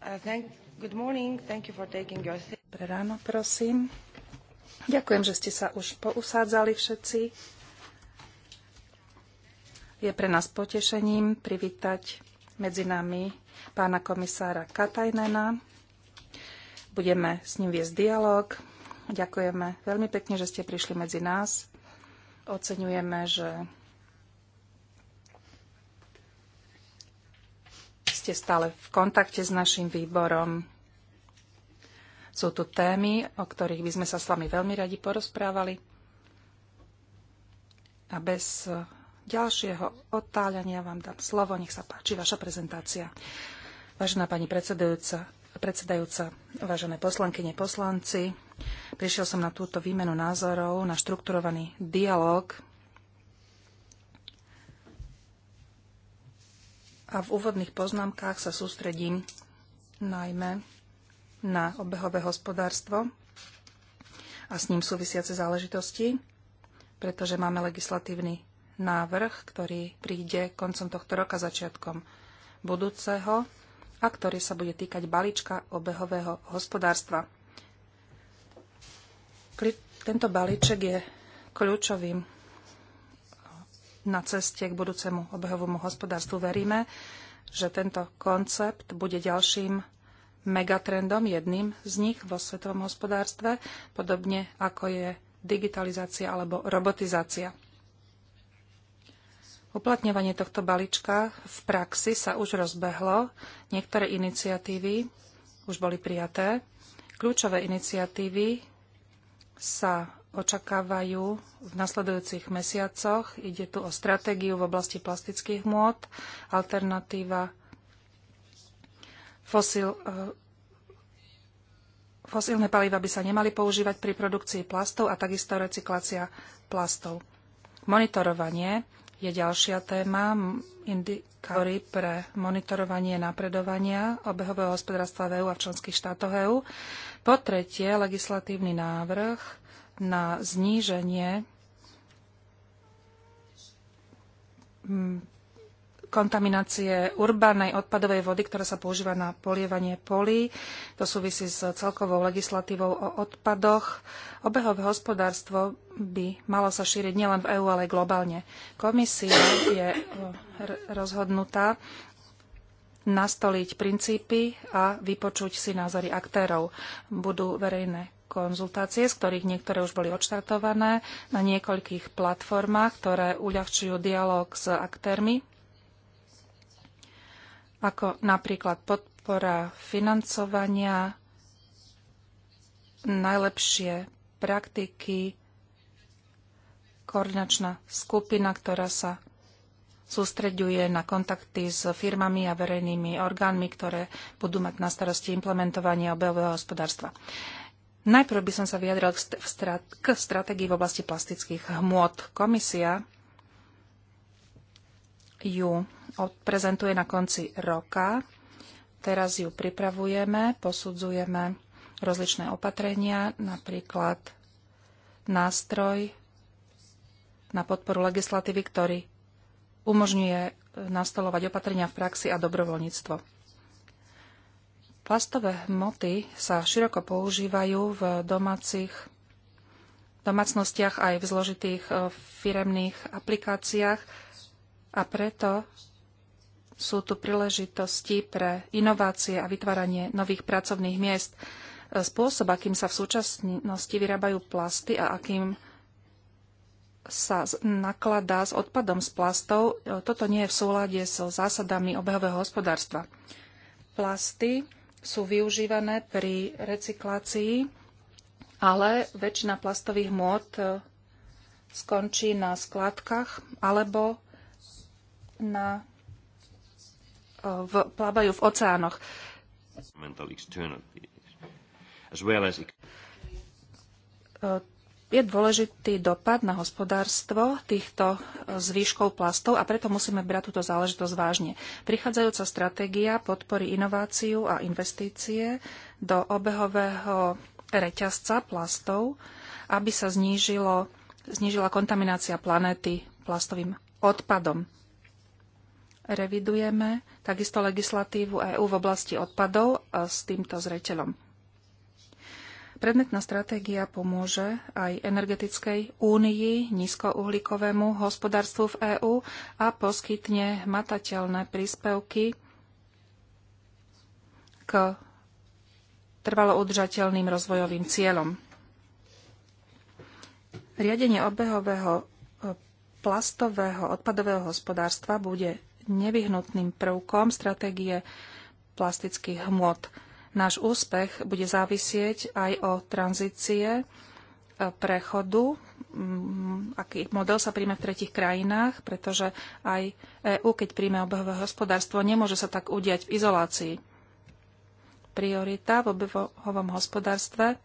Uh, Dobré ráno, prosím. Ďakujem, že ste sa už pousádzali všetci. Je pre nás potešením privítať medzi nami pána komisára Katajnena. Budeme s ním viesť dialog. Ďakujeme veľmi pekne, že ste prišli medzi nás. Oceňujeme, že ste stále v kontakte s našim výborom. Sú tu témy, o ktorých by sme sa s vami veľmi radi porozprávali. A bez ďalšieho otáľania vám dám slovo. Nech sa páči vaša prezentácia. Vážená pani predsedajúca, predsedajúca, vážené poslankyne, poslanci, prišiel som na túto výmenu názorov, na štrukturovaný dialog a v úvodných poznámkách sa sústredím najmä na obehové hospodárstvo a s ním súvisiace záležitosti, pretože máme legislatívny návrh, ktorý príde koncom tohto roka, začiatkom budúceho a ktorý sa bude týkať balíčka obehového hospodárstva. Tento balíček je kľúčovým na ceste k budúcemu obehovomu hospodárstvu. Veríme, že tento koncept bude ďalším megatrendom, jedným z nich vo svetovom hospodárstve, podobne ako je digitalizácia alebo robotizácia. Uplatňovanie tohto balíčka v praxi sa už rozbehlo. Niektoré iniciatívy už boli prijaté. Kľúčové iniciatívy sa očakávajú v nasledujúcich mesiacoch. Ide tu o stratégiu v oblasti plastických môd, alternatíva fosil, eh, fosílne paliva by sa nemali používať pri produkcii plastov a takisto recyklácia plastov. Monitorovanie je ďalšia téma, indikátory pre monitorovanie napredovania obehového hospodárstva v EU a v členských štátoch EU. Po tretie, legislatívny návrh na zníženie mm, kontaminácie urbanej odpadovej vody, ktorá sa používa na polievanie polí. To súvisí s celkovou legislatívou o odpadoch. Obehové hospodárstvo by malo sa šíriť nielen v EÚ, ale aj globálne. Komisia je eh, rozhodnutá nastoliť princípy a vypočuť si názory aktérov. Budú verejné konzultácie, z ktorých niektoré už boli odštartované na niekoľkých platformách, ktoré uľahčujú dialog s aktérmi, ako napríklad podpora financovania, najlepšie praktiky, koordinačná skupina, ktorá sa sústreďuje na kontakty s firmami a verejnými orgánmi, ktoré budú mať na starosti implementovanie obehového hospodárstva. Najprv by som sa vyjadril k, strat- k stratégii v oblasti plastických hmôt. Komisia ju odprezentuje na konci roka. Teraz ju pripravujeme, posudzujeme rozličné opatrenia, napríklad nástroj na podporu legislatívy, ktorý umožňuje nastolovať opatrenia v praxi a dobrovoľníctvo. Plastové hmoty sa široko používajú v domácich domácnostiach aj v zložitých e, firemných aplikáciách a preto sú tu príležitosti pre inovácie a vytváranie nových pracovných miest. E, spôsob, akým sa v súčasnosti vyrábajú plasty a akým sa nakladá s odpadom z plastov, e, toto nie je v súlade so zásadami obehového hospodárstva. Plasty sú využívané pri recyklácii, ale väčšina plastových môd e, skončí na skládkach alebo na, e, v, plávajú v oceánoch. As well as... E, je dôležitý dopad na hospodárstvo týchto e, zvýškov plastov a preto musíme brať túto záležitosť vážne. Prichádzajúca stratégia podporí inováciu a investície do obehového reťazca plastov, aby sa znížilo, znížila kontaminácia planéty plastovým odpadom. Revidujeme takisto legislatívu EÚ v oblasti odpadov e, s týmto zreteľom. Predmetná stratégia pomôže aj energetickej únii, nízkouhlíkovému hospodárstvu v EÚ a poskytne matateľné príspevky k trvalo udržateľným rozvojovým cieľom. Riadenie obehového e, plastového odpadového hospodárstva bude nevyhnutným prvkom stratégie plastických hmôt. Náš úspech bude závisieť aj o tranzície e, prechodu, mm, aký model sa príjme v tretich krajinách, pretože aj EÚ, keď príjme obehové hospodárstvo, nemôže sa tak udiať v izolácii. Priorita v obehovom hospodárstve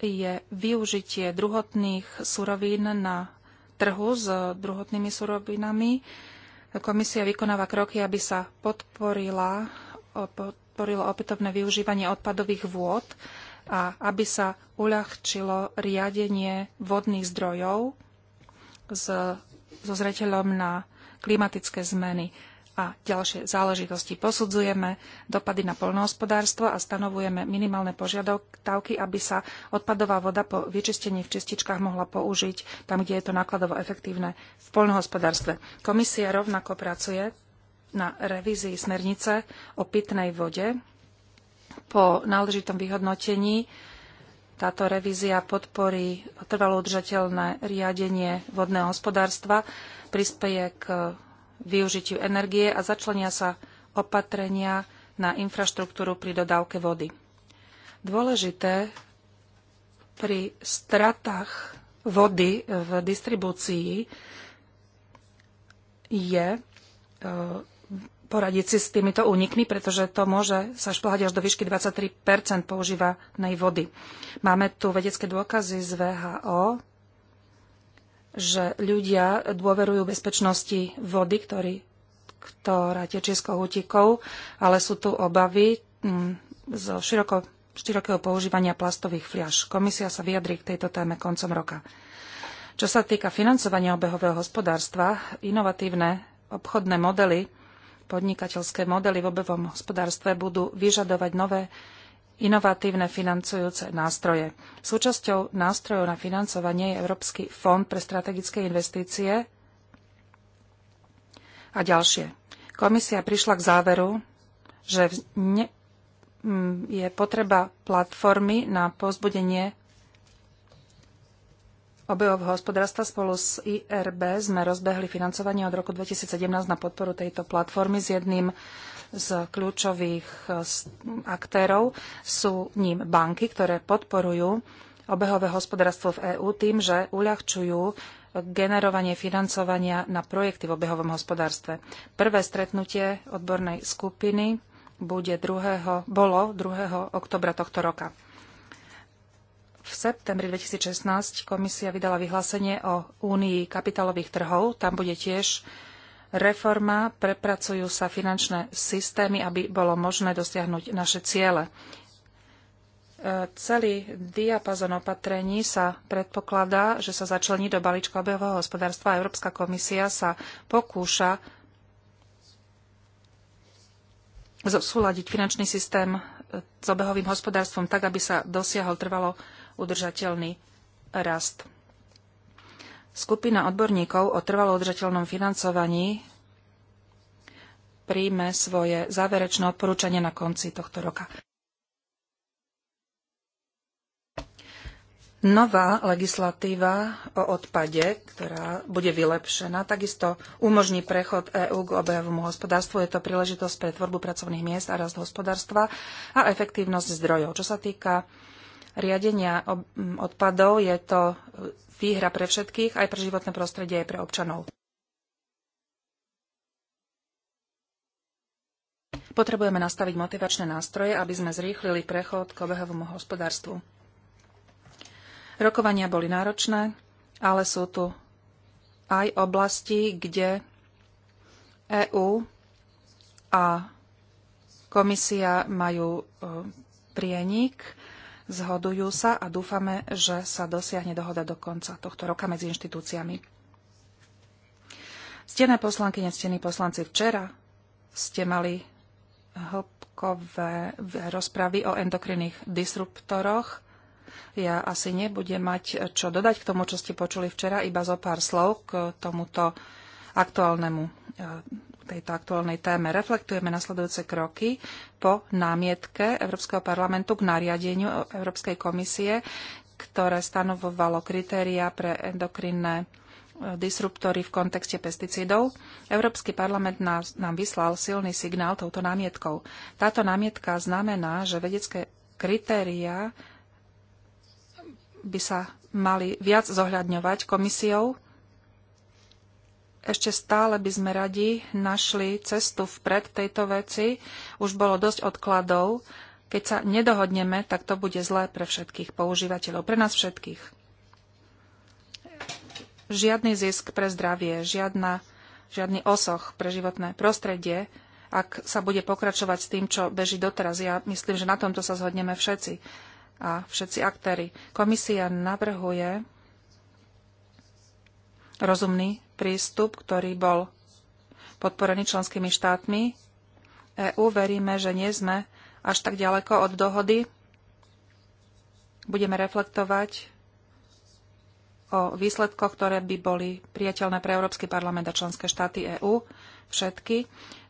je využitie druhotných surovín na trhu s druhotnými surovinami. Komisia vykonáva kroky, aby sa podporila podporilo opätovné využívanie odpadových vôd a aby sa uľahčilo riadenie vodných zdrojov s, so zreteľom na klimatické zmeny a ďalšie záležitosti. Posudzujeme dopady na poľnohospodárstvo a stanovujeme minimálne požiadavky, aby sa odpadová voda po vyčistení v čističkách mohla použiť tam, kde je to nákladovo efektívne v poľnohospodárstve. Komisia rovnako pracuje na revízii smernice o pitnej vode. Po náležitom vyhodnotení táto revízia podporí trvalo udržateľné riadenie vodného hospodárstva, prispeje k využitiu energie a začlenia sa opatrenia na infraštruktúru pri dodávke vody. Dôležité pri stratách vody v distribúcii je e, poradiť si s týmito únikmi, pretože to môže sa šplhať až do výšky 23 používanej vody. Máme tu vedecké dôkazy z VHO, že ľudia dôverujú bezpečnosti vody, ktorý, ktorá tečie z kohútikov, ale sú tu obavy mm, zo široko, širokého používania plastových fliaž. Komisia sa vyjadrí k tejto téme koncom roka. Čo sa týka financovania obehového hospodárstva, inovatívne obchodné modely podnikateľské modely v obevom hospodárstve budú vyžadovať nové inovatívne financujúce nástroje. Súčasťou nástrojov na financovanie je Európsky fond pre strategické investície a ďalšie. Komisia prišla k záveru, že je potreba platformy na pozbudenie obehového hospodárstva spolu s IRB sme rozbehli financovanie od roku 2017 na podporu tejto platformy s jedným z kľúčových e, aktérov. Sú ním banky, ktoré podporujú obehové hospodárstvo v EÚ tým, že uľahčujú generovanie financovania na projekty v obehovom hospodárstve. Prvé stretnutie odbornej skupiny bude 2. bolo 2. oktobra tohto roka. V septembri 2016 komisia vydala vyhlásenie o únii kapitálových trhov. Tam bude tiež reforma, prepracujú sa finančné systémy, aby bolo možné dosiahnuť naše ciele. E, celý diapazon opatrení sa predpokladá, že sa začlení do balíčka obehového hospodárstva a Európska komisia sa pokúša súľadiť finančný systém s obehovým hospodárstvom tak, aby sa dosiahol trvalo udržateľný rast. Skupina odborníkov o trvalo udržateľnom financovaní príjme svoje záverečné odporúčanie na konci tohto roka. Nová legislatíva o odpade, ktorá bude vylepšená, takisto umožní prechod EÚ k obehovému hospodárstvu. Je to príležitosť pre tvorbu pracovných miest a rast hospodárstva a efektívnosť zdrojov. Čo sa týka riadenia mm, odpadov je to výhra pre všetkých, aj pre životné prostredie, aj pre občanov. Potrebujeme nastaviť motivačné nástroje, aby sme zrýchlili prechod k obehovému hospodárstvu. Rokovania boli náročné, ale sú tu aj oblasti, kde EÚ a komisia majú e, prienik zhodujú sa a dúfame, že sa dosiahne dohoda do konca tohto roka medzi inštitúciami. Stené poslanky, nestení poslanci, včera ste mali hĺbkové rozpravy o endokrinných disruptoroch. Ja asi nebudem mať čo dodať k tomu, čo ste počuli včera, iba zo pár slov k tomuto aktuálnemu e, tejto aktuálnej téme. Reflektujeme nasledujúce kroky po námietke Európskeho parlamentu k nariadeniu Európskej komisie, ktoré stanovovalo kritéria pre endokrinné e, disruptory v kontexte pesticídov. Európsky parlament nám vyslal silný signál touto námietkou. Táto námietka znamená, že vedecké kritéria by sa mali viac zohľadňovať komisiou ešte stále by sme radi našli cestu vpred tejto veci. Už bolo dosť odkladov. Keď sa nedohodneme, tak to bude zlé pre všetkých používateľov, pre nás všetkých. Žiadny zisk pre zdravie, žiadna, žiadny osoch pre životné prostredie, ak sa bude pokračovať s tým, čo beží doteraz. Ja myslím, že na tomto sa zhodneme všetci a všetci aktéry. Komisia navrhuje rozumný prístup, ktorý bol podporený členskými štátmi EÚ. Veríme, že nie sme až tak ďaleko od dohody. Budeme reflektovať o výsledkoch, ktoré by boli priateľné pre Európsky parlament a členské štáty EÚ. Všetky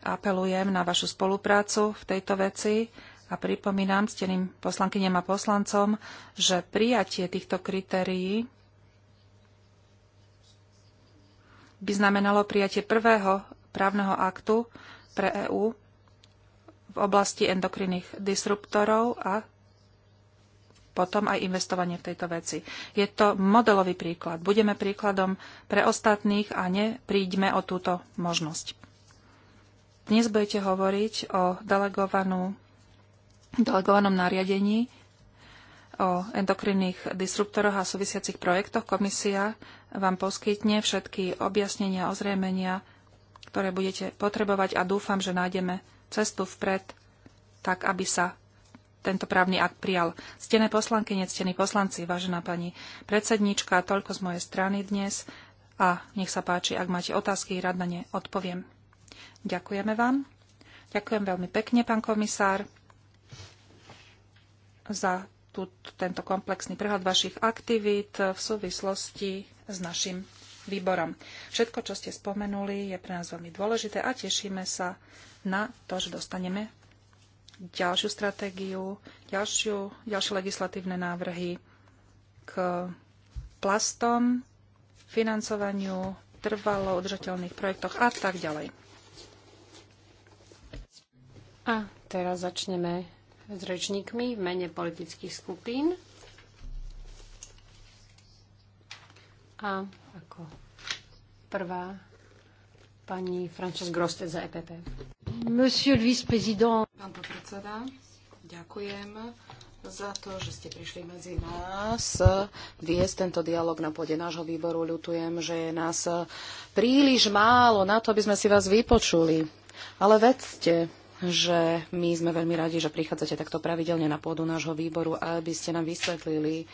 apelujem na vašu spoluprácu v tejto veci a pripomínam steným poslankyniam a poslancom, že prijatie týchto kritérií by znamenalo prijatie prvého právneho aktu pre EÚ v oblasti endokrinných disruptorov a potom aj investovanie v tejto veci. Je to modelový príklad. Budeme príkladom pre ostatných a nepríďme o túto možnosť. Dnes budete hovoriť o delegovanú, delegovanom nariadení o endokrinných disruptoroch a súvisiacich projektoch komisia vám poskytne všetky objasnenia, ozriemenia, ktoré budete potrebovať a dúfam, že nájdeme cestu vpred, tak aby sa tento právny akt prijal. Stené poslanky, nectení poslanci, vážená pani predsedníčka, toľko z mojej strany dnes a nech sa páči, ak máte otázky, rád na ne odpoviem. Ďakujeme vám. Ďakujem veľmi pekne, pán komisár, za tú, tento komplexný prehľad vašich aktivít v súvislosti s našim výborom. Všetko, čo ste spomenuli, je pre nás veľmi dôležité a tešíme sa na to, že dostaneme ďalšiu stratégiu, ďalšiu, ďalšie legislatívne návrhy k plastom, financovaniu trvalo udržateľných projektoch a tak ďalej. A teraz začneme s rečníkmi v mene politických skupín. A ako prvá pani Frances Groste za EPP. Monsieur le vice-président. Pán podpredseda, ďakujem za to, že ste prišli medzi nás viesť tento dialog na pôde nášho výboru. Ľutujem, že je nás príliš málo na to, aby sme si vás vypočuli. Ale vedzte, že my sme veľmi radi, že prichádzate takto pravidelne na pôdu nášho výboru, aby ste nám vysvetlili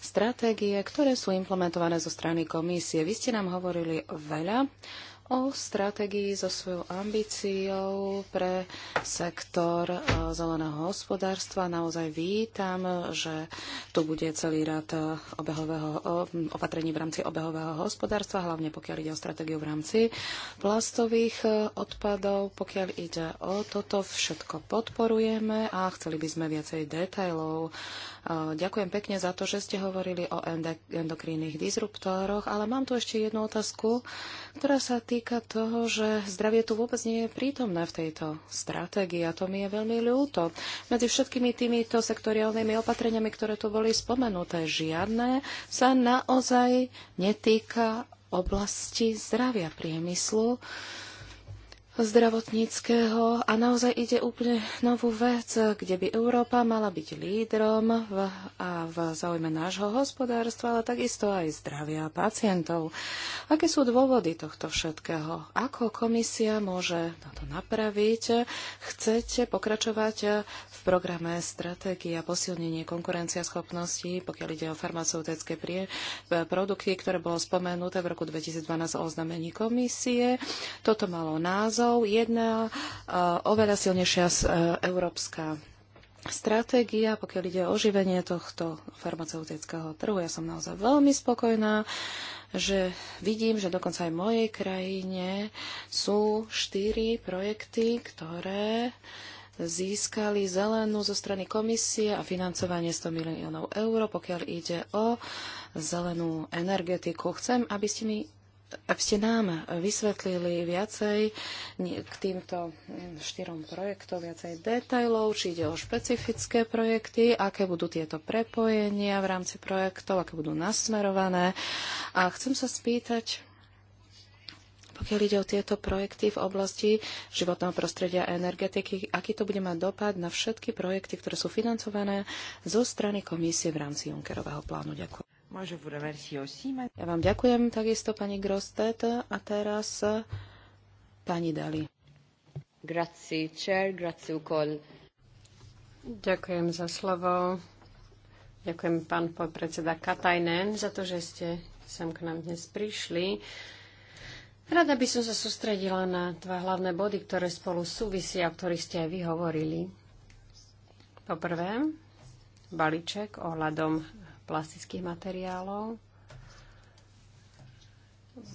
stratégie, ktoré sú implementované zo strany komisie. Vy ste nám hovorili veľa o stratégii so svojou ambíciou pre sektor e, zeleného hospodárstva. Naozaj vítam, že tu bude celý rad e, obehového, opatrení v rámci obehového hospodárstva, hlavne pokiaľ ide o stratégiu v rámci plastových e, odpadov. Pokiaľ ide o toto, všetko podporujeme a chceli by sme viacej detajlov. Ďakujem pekne za to, že ste hovorili o endokrinných disruptoroch, ale mám tu ešte jednu otázku, ktorá sa týka týka toho, že zdravie tu vôbec nie je prítomné v tejto stratégii a to mi je veľmi ľúto. Medzi všetkými týmito sektoriálnymi opatreniami, ktoré tu boli spomenuté, žiadne sa naozaj netýka oblasti zdravia priemyslu, zdravotníckého a naozaj ide úplne novú vec, kde by Európa mala byť lídrom v, a v záujme nášho hospodárstva, ale takisto aj zdravia pacientov. Aké sú dôvody tohto všetkého? Ako komisia môže na to napraviť? Chcete pokračovať v programe Stratégia posilnenie konkurenciaschopnosti, pokiaľ ide o farmaceutické prie, e, produkty, ktoré bolo spomenuté v roku 2012 o oznámení komisie. Toto malo názov jedna e, oveľa silnejšia e, európska stratégia, pokiaľ ide o oživenie tohto farmaceutického trhu. Ja som naozaj veľmi spokojná, že vidím, že dokonca aj v mojej krajine sú štyri projekty, ktoré uh, získali zelenú zo strany komisie a financovanie 100 miliónov eur, pokiaľ ide o zelenú energetiku. Chcem, aby ste mi aby ste nám vysvetlili viacej k týmto štyrom projektom, viacej detajlov, či ide o špecifické projekty, aké budú tieto prepojenia v rámci projektov, aké budú nasmerované. A chcem sa spýtať, pokiaľ ide o tieto projekty v oblasti životného prostredia a energetiky, aký to bude mať dopad na všetky projekty, ktoré sú financované zo strany komisie v rámci Junckerového plánu? Ďakujem. Ja vám ďakujem takisto, pani Grostet. A teraz eh, pani Dali. Grazie, chair, grazie Ďakujem za slovo. Ďakujem pán podpredseda Katajnen za to, že ste sem k nám dnes prišli. Rada by som sa sústredila na dva hlavné body, ktoré spolu súvisia, o ktorých ste aj vy hovorili. Po prvé, balíček ohľadom plastických materiálov.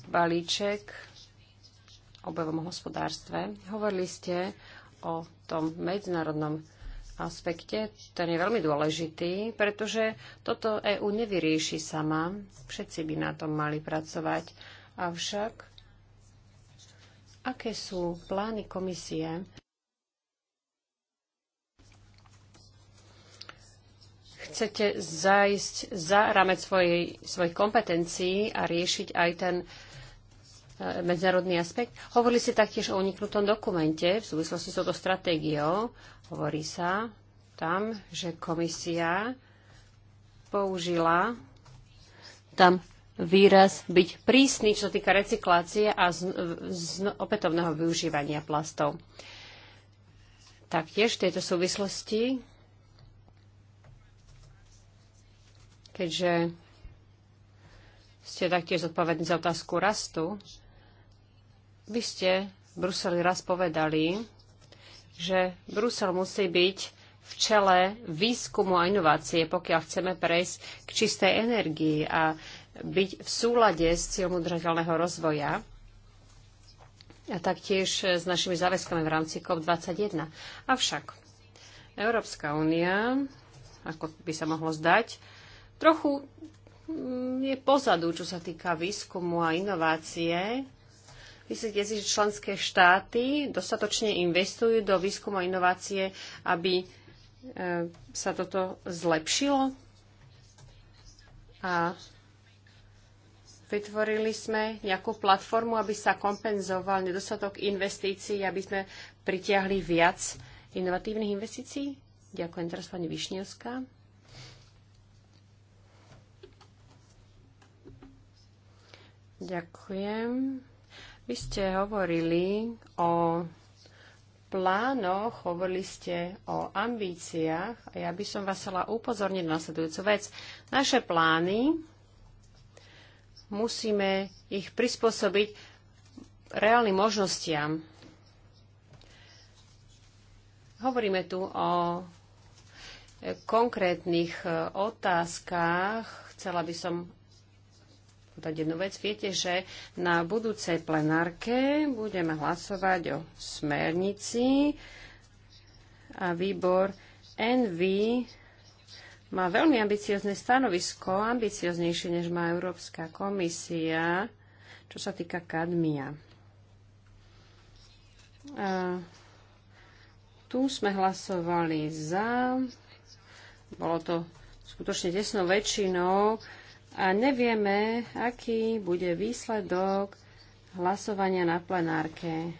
Balíček obevom hospodárstve. Hovorili ste o tom medzinárodnom aspekte. Ten je veľmi dôležitý, pretože toto EÚ nevyrieši sama. Všetci by na tom mali pracovať. Avšak Aké sú plány komisie? Chcete zajsť za rámec svojich kompetencií a riešiť aj ten e, medzinárodný aspekt. Hovorili ste taktiež o uniknutom dokumente v súvislosti s touto stratégiou. Hovorí sa tam, že komisia použila tam výraz byť prísny, čo sa týka recyklácie a z, z, opätovného využívania plastov. Taktiež v tejto súvislosti, keďže ste taktiež zodpovední za otázku rastu, vy ste v Bruseli raz povedali, že Brusel musí byť v čele výskumu a inovácie, pokiaľ chceme prejsť k čistej energii. A byť v súlade s cieľom udržateľného rozvoja a taktiež s našimi záväzkami v rámci COP21. Avšak Európska únia, ako by sa mohlo zdať, trochu mm, je pozadu, čo sa týka výskumu a inovácie. Myslíte si, že členské štáty dostatočne investujú do výskumu a inovácie, aby e, sa toto zlepšilo? A Vytvorili sme nejakú platformu, aby sa kompenzoval nedostatok investícií, aby sme pritiahli viac inovatívnych investícií? Ďakujem teraz pani Višňovská. Ďakujem. Vy ste hovorili o plánoch, hovorili ste o ambíciách a ja by som vás chcela upozorniť na nasledujúcu vec. Naše plány musíme ich prispôsobiť reálnym možnostiam. Hovoríme tu o konkrétnych e, otázkach. Chcela by som povedať jednu vec. Viete, že na budúcej plenárke budeme hlasovať o smernici a výbor NV má veľmi ambiciozne stanovisko, ambicioznejšie než má Európska komisia, čo sa týka kadmia. A tu sme hlasovali za, bolo to skutočne tesnou väčšinou a nevieme, aký bude výsledok hlasovania na plenárke.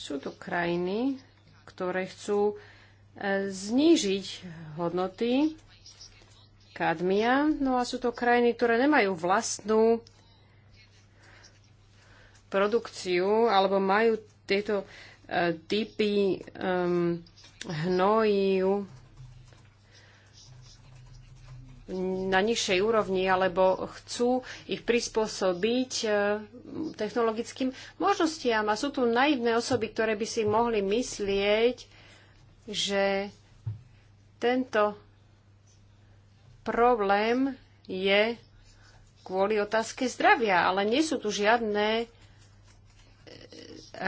Sú tu krajiny, ktoré chcú e, znížiť hodnoty kadmia. No a sú to krajiny, ktoré nemajú vlastnú produkciu alebo majú tieto e, typy um, hnojív na nižšej úrovni alebo chcú ich prispôsobiť e, technologickým možnostiam. A sú tu naivné osoby, ktoré by si mohli myslieť, že tento problém je kvôli otázke zdravia, ale nie sú tu žiadne e,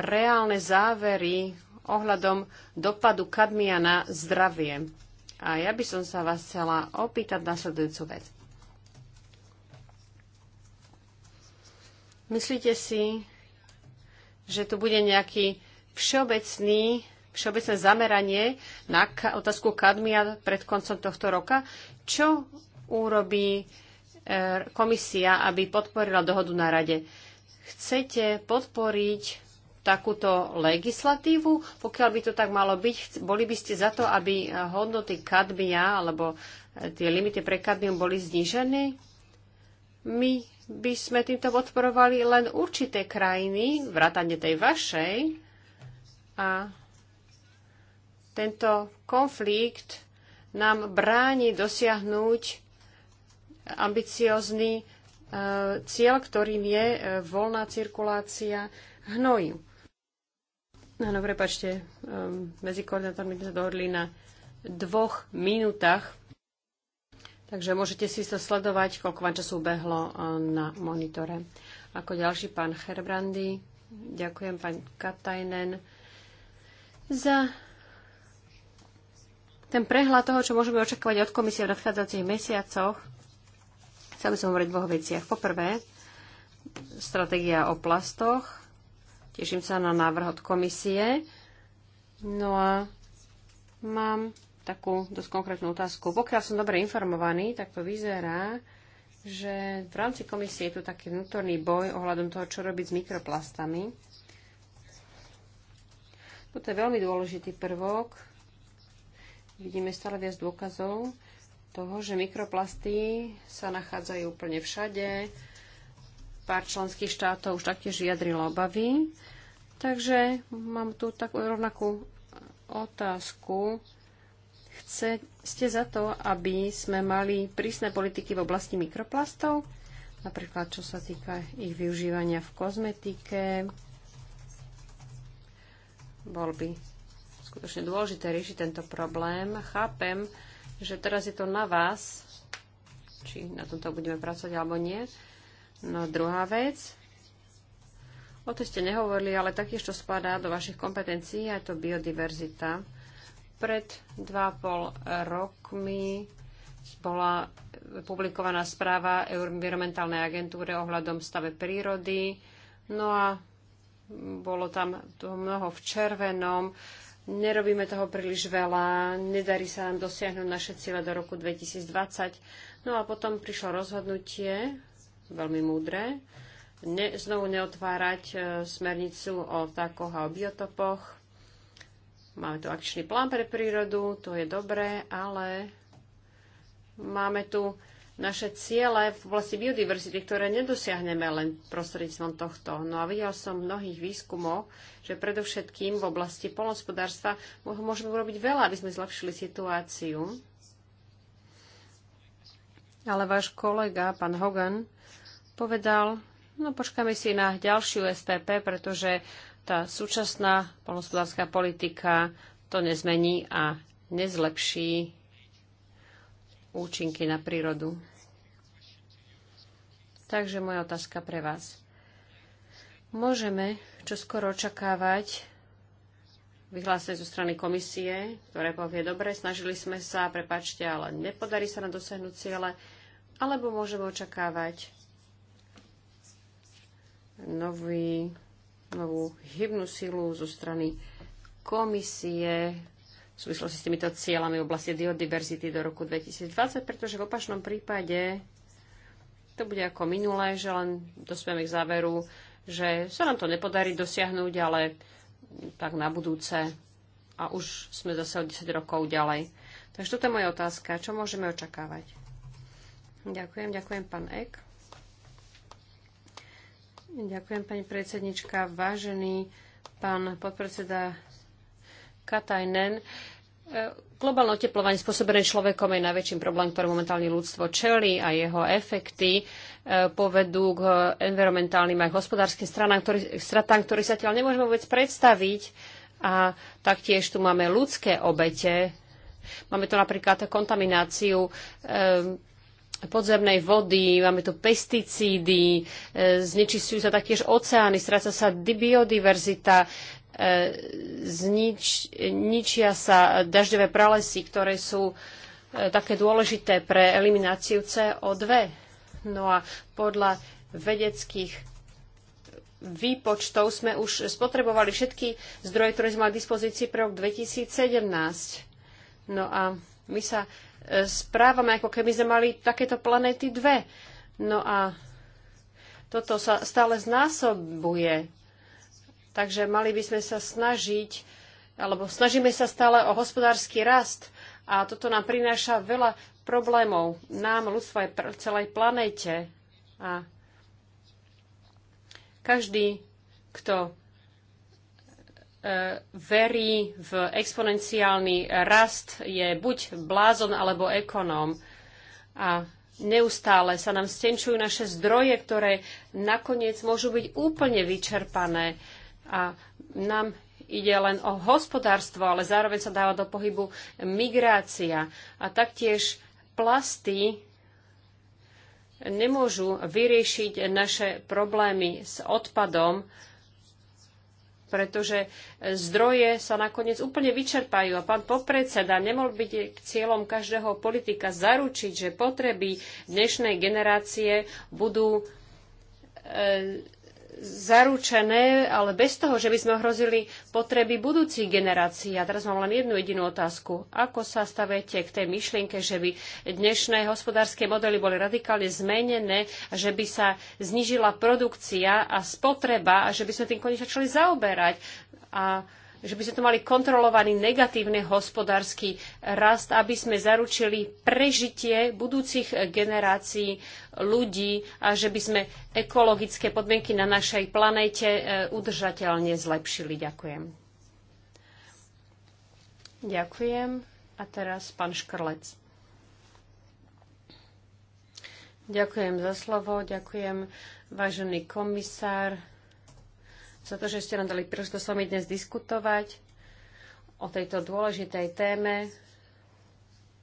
reálne závery ohľadom dopadu kadmia na zdravie. A ja by som sa vás chcela opýtať nasledujúcu vec. Myslíte si, že tu bude nejaký všeobecný, všeobecné zameranie na otázku kadmia pred koncom tohto roka? Čo urobí e, komisia, aby podporila dohodu na rade? Chcete podporiť takúto legislatívu? Pokiaľ by to tak malo byť, boli by ste za to, aby eh, hodnoty kadmia alebo eh, tie limity pre kadmium boli znížené? My by sme týmto podporovali len určité krajiny, vrátane tej vašej. A tento konflikt nám bráni dosiahnuť ambiciózny eh, cieľ, ktorým je voľná cirkulácia hnojú. Áno, no, prepačte, um, medzi koordinátormi sme sa dohodli na dvoch minútach, takže môžete si to sledovať, koľko vám času ubehlo uh, na monitore. Ako ďalší pán Herbrandy, ďakujem pán Katajnen za ten prehľad toho, čo môžeme očakávať od komisie v nadchádzajúcich mesiacoch, chcel by som hovoriť o dvoch veciach. Poprvé, stratégia o plastoch. Teším sa na návrh od komisie. No a mám takú dosť konkrétnu otázku. Pokiaľ som dobre informovaný, tak to vyzerá, že v rámci komisie je tu taký vnútorný boj ohľadom toho, čo robiť s mikroplastami. Toto je veľmi dôležitý prvok. Vidíme stále viac dôkazov toho, že mikroplasty sa nachádzajú úplne všade, pár členských štátov už taktiež vyjadrilo obavy. Takže mám tu takú rovnakú otázku. Chce, ste za to, aby sme mali prísne politiky v oblasti mikroplastov, napríklad čo sa týka ich využívania v kozmetike. Bol by skutočne dôležité riešiť tento problém. Chápem, že teraz je to na vás, či na tomto budeme pracovať alebo nie. No druhá vec, o to ste nehovorili, ale taktiež to spadá do vašich kompetencií, aj to biodiverzita. Pred 2,5 rokmi bola publikovaná správa environmentálnej agentúre ohľadom stave prírody. No a bolo tam toho mnoho v červenom. Nerobíme toho príliš veľa, nedarí sa nám dosiahnuť naše ciele do roku 2020. No a potom prišlo rozhodnutie veľmi múdre. Ne, znovu neotvárať e, smernicu o vtákoch a o biotopoch. Máme tu akčný plán pre prírodu, to je dobré, ale máme tu naše ciele v oblasti biodiverzity, ktoré nedosiahneme len prostredníctvom tohto. No a videl som v mnohých výskumoch, že predovšetkým v oblasti polnospodárstva môžeme urobiť veľa, aby sme zlepšili situáciu. Ale váš kolega, pán Hogan, povedal, no počkáme si na ďalšiu SPP, pretože tá súčasná polnospodárska politika to nezmení a nezlepší účinky na prírodu. Takže moja otázka pre vás. Môžeme čo skoro očakávať vyhlásenie zo strany komisie, ktoré povie, dobre, snažili sme sa, prepačte, ale nepodarí sa nám dosiahnuť ciele, alebo môžeme očakávať nový, novú hybnú silu zo strany komisie v súvislosti s týmito cieľami v oblasti biodiverzity do roku 2020, pretože v opačnom prípade to bude ako minulé, že len dospieme k záveru, že sa nám to nepodarí dosiahnuť, ale tak na budúce a už sme zase o 10 rokov ďalej. Takže toto je moja otázka. Čo môžeme očakávať? Ďakujem, ďakujem pán Ek. Ďakujem, pani predsednička. Vážený pán podpredseda Katajnen, e, globálne oteplovanie spôsobené človekom je najväčším problém, ktorý momentálne ľudstvo čelí a jeho efekty e, povedú k environmentálnym aj hospodárskym stranám, ktorý, stratám, ktorý sa tiaľ nemôžeme vôbec predstaviť. A taktiež tu máme ľudské obete. Máme tu napríklad kontamináciu e, podzemnej vody, máme tu pesticídy, e, znečistujú sa taktiež oceány, stráca sa biodiverzita, e, znič, ničia sa dažďové pralesy, ktoré sú e, také dôležité pre elimináciu CO2. No a podľa vedeckých výpočtov sme už spotrebovali všetky zdroje, ktoré sme mali k dispozícii pre rok 2017. No a my sa správame, ako keby sme mali takéto planéty dve. No a toto sa stále znásobuje. Takže mali by sme sa snažiť, alebo snažíme sa stále o hospodársky rast a toto nám prináša veľa problémov nám, ľudstvo aj celej planéte. A každý, kto E, verí v exponenciálny rast, je buď blázon alebo ekonóm. A neustále sa nám stenčujú naše zdroje, ktoré nakoniec môžu byť úplne vyčerpané. A nám ide len o hospodárstvo, ale zároveň sa dáva do pohybu migrácia. A taktiež plasty nemôžu vyriešiť naše problémy s odpadom, pretože zdroje sa nakoniec úplne vyčerpajú. A pán popredseda, nemohol byť cieľom každého politika zaručiť, že potreby dnešnej generácie budú e, zaručené, ale bez toho, že by sme ohrozili potreby budúcich generácií. A teraz mám len jednu jedinú otázku. Ako sa stavete k tej myšlienke, že by dnešné hospodárske modely boli radikálne zmenené, že by sa znížila produkcia a spotreba a že by sme tým konečne začali zaoberať? A že by sme to mali kontrolovaný negatívny hospodársky rast, aby sme zaručili prežitie budúcich generácií ľudí a že by sme ekologické podmienky na našej planéte e, udržateľne zlepšili. Ďakujem. Ďakujem. A teraz pán Škrlec. Ďakujem za slovo, ďakujem vážený komisár, za to, že ste nám dali príležitosť s vami dnes diskutovať o tejto dôležitej téme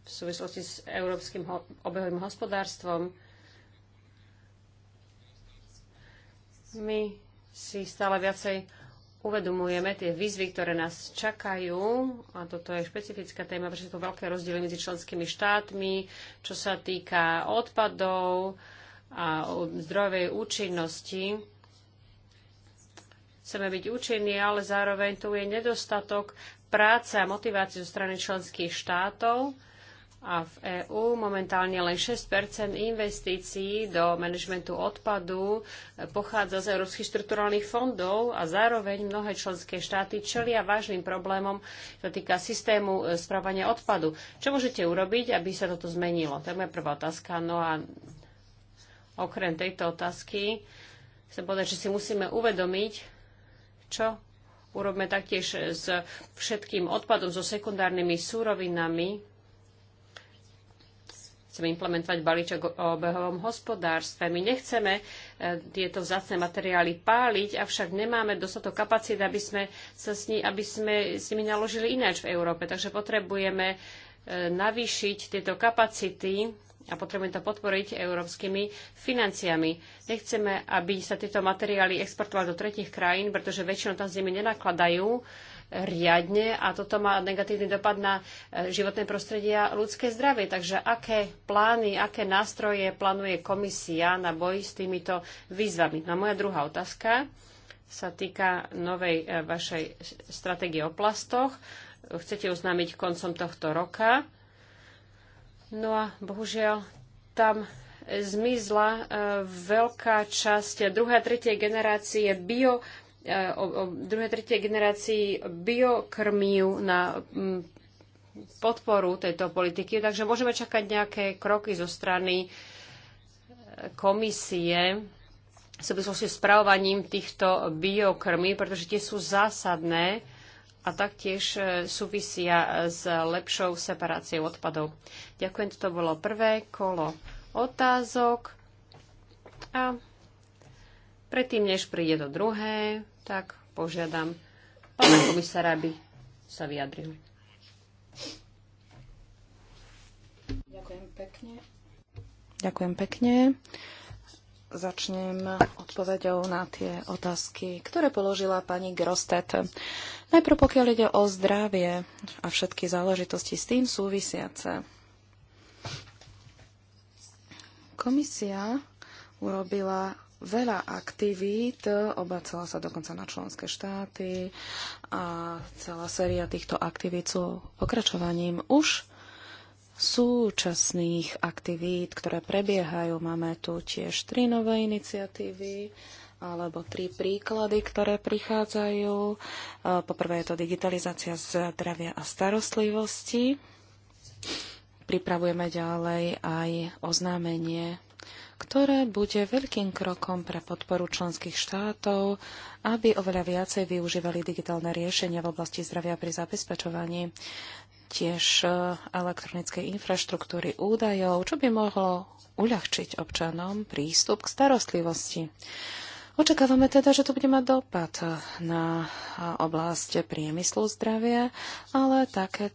v súvislosti s európskym obehovým hospodárstvom. My si stále viacej uvedomujeme tie výzvy, ktoré nás čakajú, a toto je špecifická téma, pretože sú veľké rozdiely medzi členskými štátmi, čo sa týka odpadov a zdrojovej účinnosti chceme byť účinní, ale zároveň tu je nedostatok práce a motivácie zo strany členských štátov a v EÚ momentálne len 6 investícií do manažmentu odpadu pochádza z európskych štrukturálnych fondov a zároveň mnohé členské štáty čelia vážnym problémom, čo týka systému e, správania odpadu. Čo môžete urobiť, aby sa toto zmenilo? To je moja prvá otázka. No a okrem tejto otázky chcem povedať, že si musíme uvedomiť, čo urobme taktiež s všetkým odpadom, so sekundárnymi súrovinami. Chceme implementovať balíček o obehovom hospodárstve. My nechceme e, tieto vzácne materiály páliť, avšak nemáme dostatok kapacít, aby sme, sa s, ní, aby sme s nimi naložili ináč v Európe. Takže potrebujeme e, navýšiť tieto kapacity a potrebujeme to podporiť európskymi financiami. Nechceme, aby sa tieto materiály exportovali do tretich krajín, pretože väčšinou tam s nimi nenakladajú riadne a toto má negatívny dopad na e, životné prostredie a ľudské zdravie. Takže aké plány, aké nástroje plánuje komisia na boj s týmito výzvami? No a moja druhá otázka sa týka novej e, vašej stratégie o plastoch. Chcete oznámiť koncom tohto roka No a bohužiaľ tam zmizla e, veľká časť druhej a tretej generácie bio e, o, o druhej, tretej generácii biokrmív na podporu tejto politiky. Takže môžeme čakať nejaké kroky zo strany e, komisie v súvislosti s spravovaním týchto biokrmí, pretože tie sú zásadné a taktiež e, súvisia e, s lepšou separáciou odpadov. Ďakujem, toto bolo prvé kolo otázok. A predtým, než príde do druhé, tak požiadam pána komisára, aby sa vyjadril. Ďakujem pekne. Ďakujem pekne. Začnem odpovedou na tie otázky, ktoré položila pani Grostet. Najprv pokiaľ ide o zdravie a všetky záležitosti s tým súvisiace. Komisia urobila veľa aktivít, obracala sa dokonca na členské štáty a celá séria týchto aktivít sú pokračovaním už súčasných aktivít, ktoré prebiehajú. Máme tu tiež tri nové iniciatívy alebo tri príklady, ktoré prichádzajú. E, poprvé je to digitalizácia zdravia a starostlivosti. Pripravujeme ďalej aj oznámenie, ktoré bude veľkým krokom pre podporu členských štátov, aby oveľa viacej využívali digitálne riešenia v oblasti zdravia pri zabezpečovaní tiež e, elektronickej infraštruktúry údajov, čo by mohlo uľahčiť občanom prístup k starostlivosti. Očakávame teda, že to bude mať dopad na oblasť priemyslu zdravia, ale také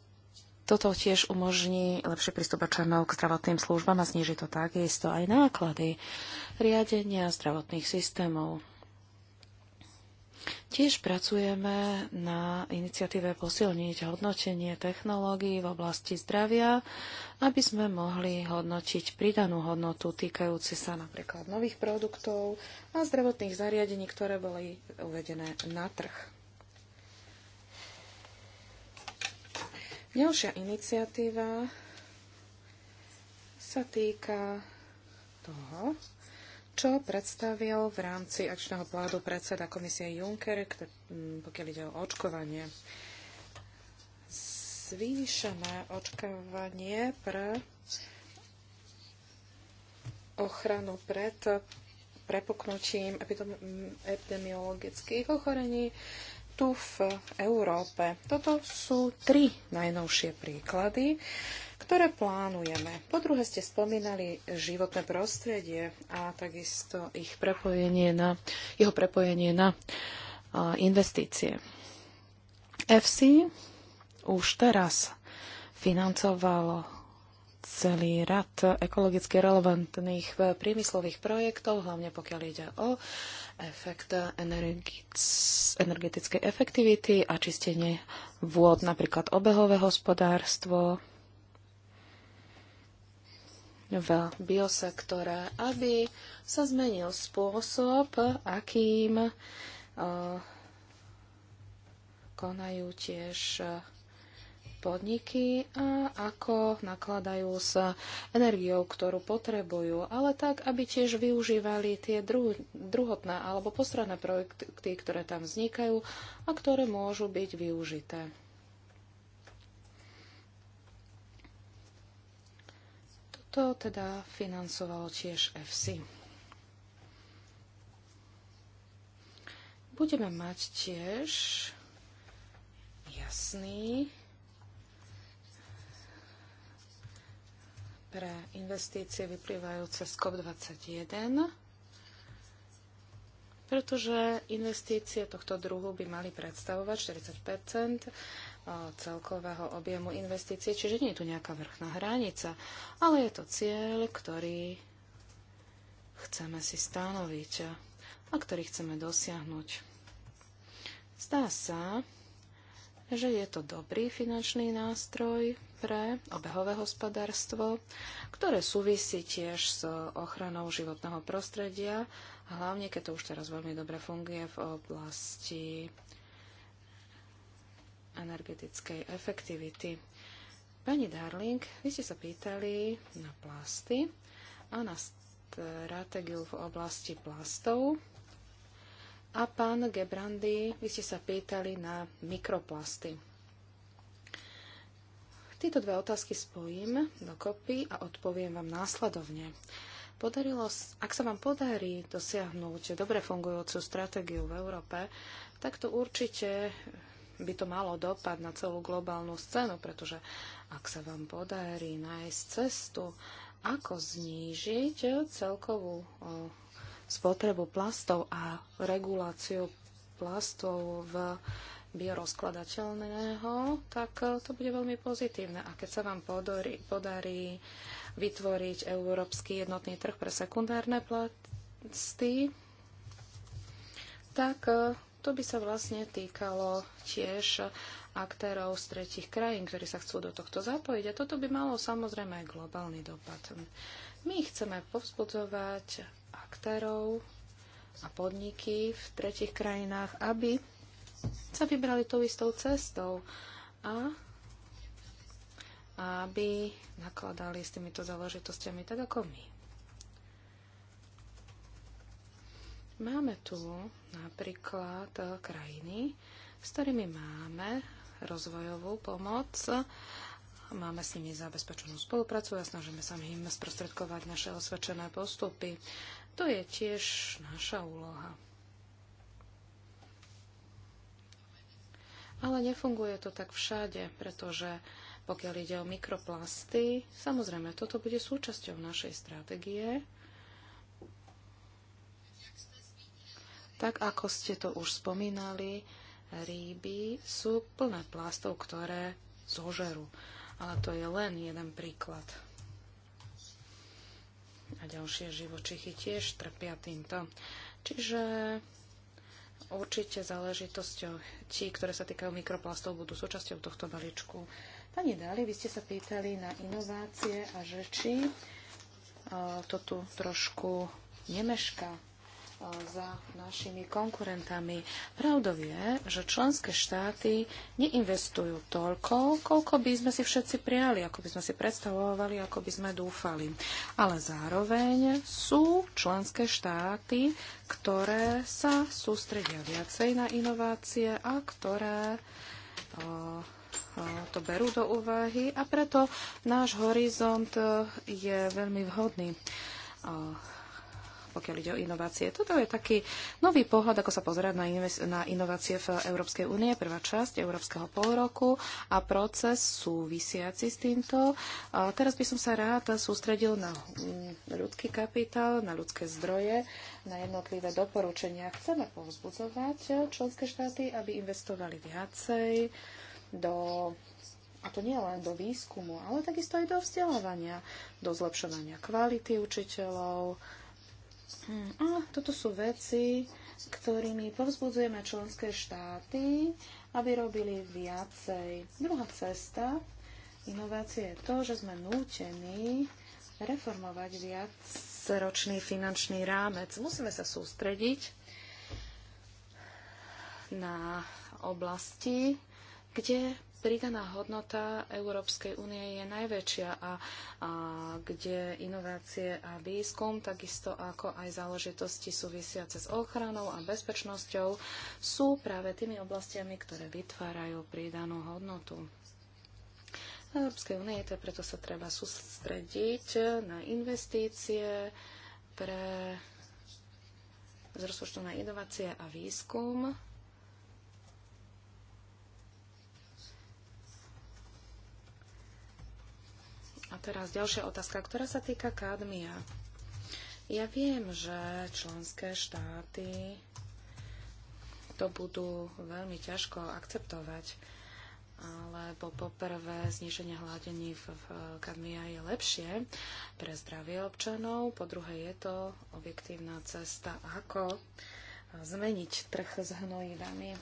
toto tiež umožní lepšie prístup občanov k zdravotným službám a zniží to takisto aj náklady riadenia zdravotných systémov. Tiež pracujeme na iniciatíve posilniť hodnotenie technológií v oblasti zdravia, aby sme mohli hodnotiť pridanú hodnotu týkajúci sa napríklad nových produktov a zdravotných zariadení, ktoré boli uvedené na trh. Ďalšia iniciatíva sa týka toho, čo predstavil v rámci akčného plánu predseda komisie Juncker, pokiaľ ide o očkovanie. Zvýšené očkovanie pre ochranu pred prepuknutím epidemiologických ochorení tu v Európe. Toto sú tri najnovšie príklady ktoré plánujeme. Po druhé ste spomínali životné prostredie a takisto ich prepojenie na, jeho prepojenie na investície. FC už teraz financovalo celý rad ekologicky relevantných priemyslových projektov, hlavne pokiaľ ide o efekt energetickej efektivity a čistenie vôd, napríklad obehové hospodárstvo, v biosektore, aby sa zmenil spôsob, akým e, konajú tiež e, podniky a ako nakladajú s energiou, ktorú potrebujú, ale tak, aby tiež využívali tie dru- druhotné alebo postranné projekty, ktoré tam vznikajú a ktoré môžu byť využité. To teda financovalo tiež FC. Budeme mať tiež jasný pre investície vyplývajúce z COP21, pretože investície tohto druhu by mali predstavovať 40 celkového objemu investície, čiže nie je tu nejaká vrchná hranica, ale je to cieľ, ktorý chceme si stanoviť a ktorý chceme dosiahnuť. Zdá sa, že je to dobrý finančný nástroj pre obehové hospodárstvo, ktoré súvisí tiež s ochranou životného prostredia, hlavne keď to už teraz veľmi dobre funguje v oblasti energetickej efektivity. Pani Darling, vy ste sa pýtali na plasty a na stratégiu v oblasti plastov. A pán Gebrandy, vy ste sa pýtali na mikroplasty. Tieto dve otázky spojím dokopy a odpoviem vám následovne. Podarilo, ak sa vám podarí dosiahnuť dobre fungujúcu stratégiu v Európe, tak to určite by to malo dopad na celú globálnu scénu, pretože ak sa vám podarí nájsť cestu, ako znížiť celkovú spotrebu plastov a reguláciu plastov v biorozkladateľného, tak e, to bude veľmi pozitívne. A keď sa vám podarí, podarí vytvoriť európsky jednotný trh pre sekundárne plasty, tak e, to by sa vlastne týkalo tiež aktérov z tretich krajín, ktorí sa chcú do tohto zapojiť. A toto by malo samozrejme aj globálny dopad. My chceme povzbudzovať aktérov a podniky v tretich krajinách, aby sa vybrali tou istou cestou a aby nakladali s týmito záležitostiami tak ako my. Máme tu napríklad eh, krajiny, s ktorými máme rozvojovú pomoc, máme s nimi zabezpečenú spoluprácu a snažíme sa im sprostredkovať naše osvedčené postupy. To je tiež naša úloha. Ale nefunguje to tak všade, pretože pokiaľ ide o mikroplasty, samozrejme, toto bude súčasťou našej stratégie Tak ako ste to už spomínali, rýby sú plné plastov, ktoré zožerú. Ale to je len jeden príklad. A ďalšie živočichy tiež trpia týmto. Čiže určite záležitosťou tí, ktoré sa týkajú mikroplastov, budú súčasťou tohto balíčku. Pani Dali, vy ste sa pýtali na inovácie a že či to tu trošku nemeška za našimi konkurentami. Pravdou je, že členské štáty neinvestujú toľko, koľko by sme si všetci prijali, ako by sme si predstavovali, ako by sme dúfali. Ale zároveň sú členské štáty, ktoré sa sústredia viacej na inovácie a ktoré o, to berú do úvahy a preto náš horizont e, je veľmi vhodný pokiaľ ide o inovácie. Toto je taký nový pohľad, ako sa pozerať na, na inovácie v Európskej únie, prvá časť Európskeho polroku a proces súvisiaci s týmto. A teraz by som sa rád sústredil mm, na ľudský kapitál, na ľudské zdroje, na jednotlivé doporučenia. Chceme povzbudzovať členské štáty, aby investovali viacej do a to nie len do výskumu, ale takisto aj do vzdelávania, do zlepšovania kvality učiteľov, Hm, a toto sú veci, ktorými povzbudzujeme členské štáty, aby robili viacej. Druhá cesta inovácie je to, že sme nútení reformovať viacročný finančný rámec. Musíme sa sústrediť na oblasti, kde pridaná hodnota Európskej únie je najväčšia a, a kde inovácie a výskum, takisto ako aj záležitosti súvisiace s ochranou a bezpečnosťou, sú práve tými oblastiami, ktoré vytvárajú pridanú hodnotu. V Európskej únie to preto sa treba sústrediť na investície pre z rozpočtu na inovácie a výskum A teraz ďalšia otázka, ktorá sa týka kadmia. Ja viem, že členské štáty to budú veľmi ťažko akceptovať, lebo poprvé zniženie hladení v, v kadmia je lepšie pre zdravie občanov, po druhé je to objektívna cesta, ako zmeniť trh s hnojivami.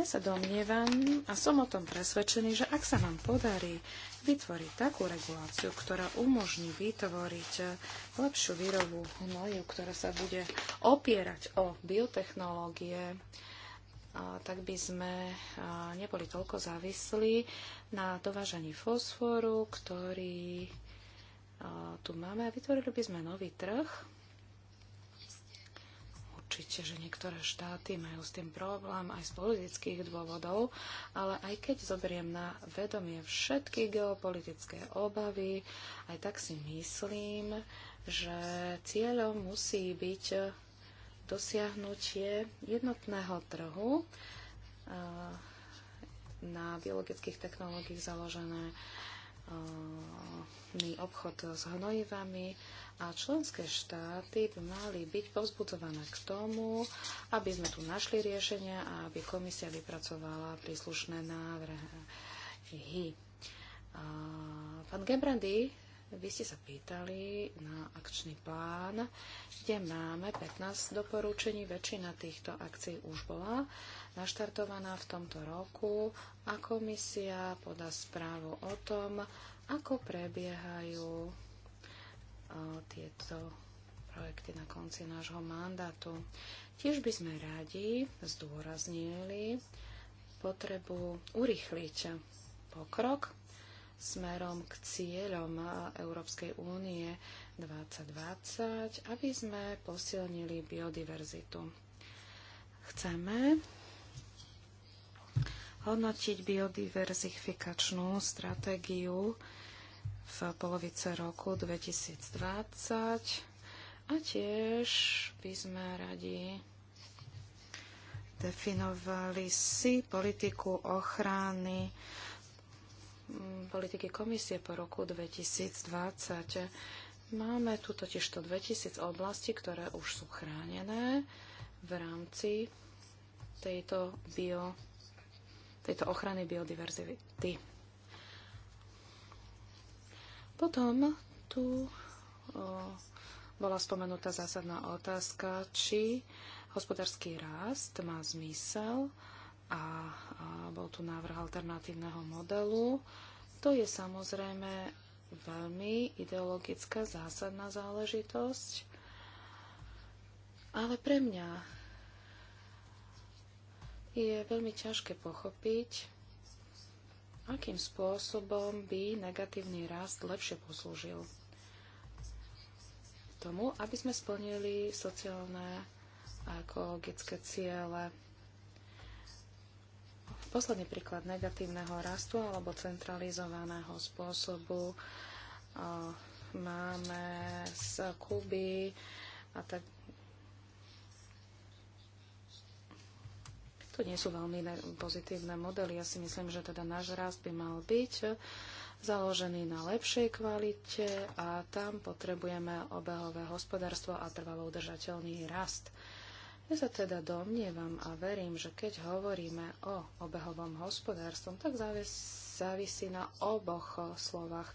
Ja sa domnievam a som o tom presvedčený, že ak sa nám podarí vytvoriť takú reguláciu, ktorá umožní vytvoriť lepšiu výrobu hnoju, ktorá sa bude opierať o biotechnológie, tak by sme neboli toľko závislí na dovážaní fosforu, ktorý tu máme a vytvorili by sme nový trh, Určite, že niektoré štáty majú s tým problém aj z politických dôvodov, ale aj keď zoberiem na vedomie všetky geopolitické obavy, aj tak si myslím, že cieľom musí byť dosiahnutie jednotného trhu eh, na biologických technológiách založené obchod s hnojivami a členské štáty by mali byť povzbudzované k tomu, aby sme tu našli riešenia a aby komisia vypracovala príslušné návrhy. Pán Gebrandy vy ste sa pýtali na akčný plán, kde máme 15 doporúčení. Väčšina týchto akcií už bola naštartovaná v tomto roku a komisia podá správu o tom, ako prebiehajú e, tieto projekty na konci nášho mandátu. Tiež by sme radi zdôraznili potrebu urychliť pokrok smerom k cieľom Európskej únie 2020, aby sme posilnili biodiverzitu. Chceme hodnotiť biodiverzifikačnú stratégiu v polovice roku 2020 a tiež by sme radi definovali si politiku ochrany politiky komisie po roku 2020. Máme tu totiž to 2000 oblastí, ktoré už sú chránené v rámci tejto, bio, tejto ochrany biodiverzity. Potom tu o, bola spomenutá zásadná otázka, či hospodársky rast má zmysel a, a bol tu návrh alternatívneho modelu. To je samozrejme veľmi ideologická zásadná záležitosť, ale pre mňa je veľmi ťažké pochopiť, akým spôsobom by negatívny rast lepšie poslúžil tomu, aby sme splnili sociálne a ekologické ciele posledný príklad negatívneho rastu alebo centralizovaného spôsobu máme z Kuby a tak to nie sú veľmi pozitívne modely. Ja si myslím, že teda náš rast by mal byť založený na lepšej kvalite a tam potrebujeme obehové hospodárstvo a trvalo udržateľný rast. Ja sa teda domnievam a verím, že keď hovoríme o obehovom hospodárstvom, tak závisí na oboch slovách,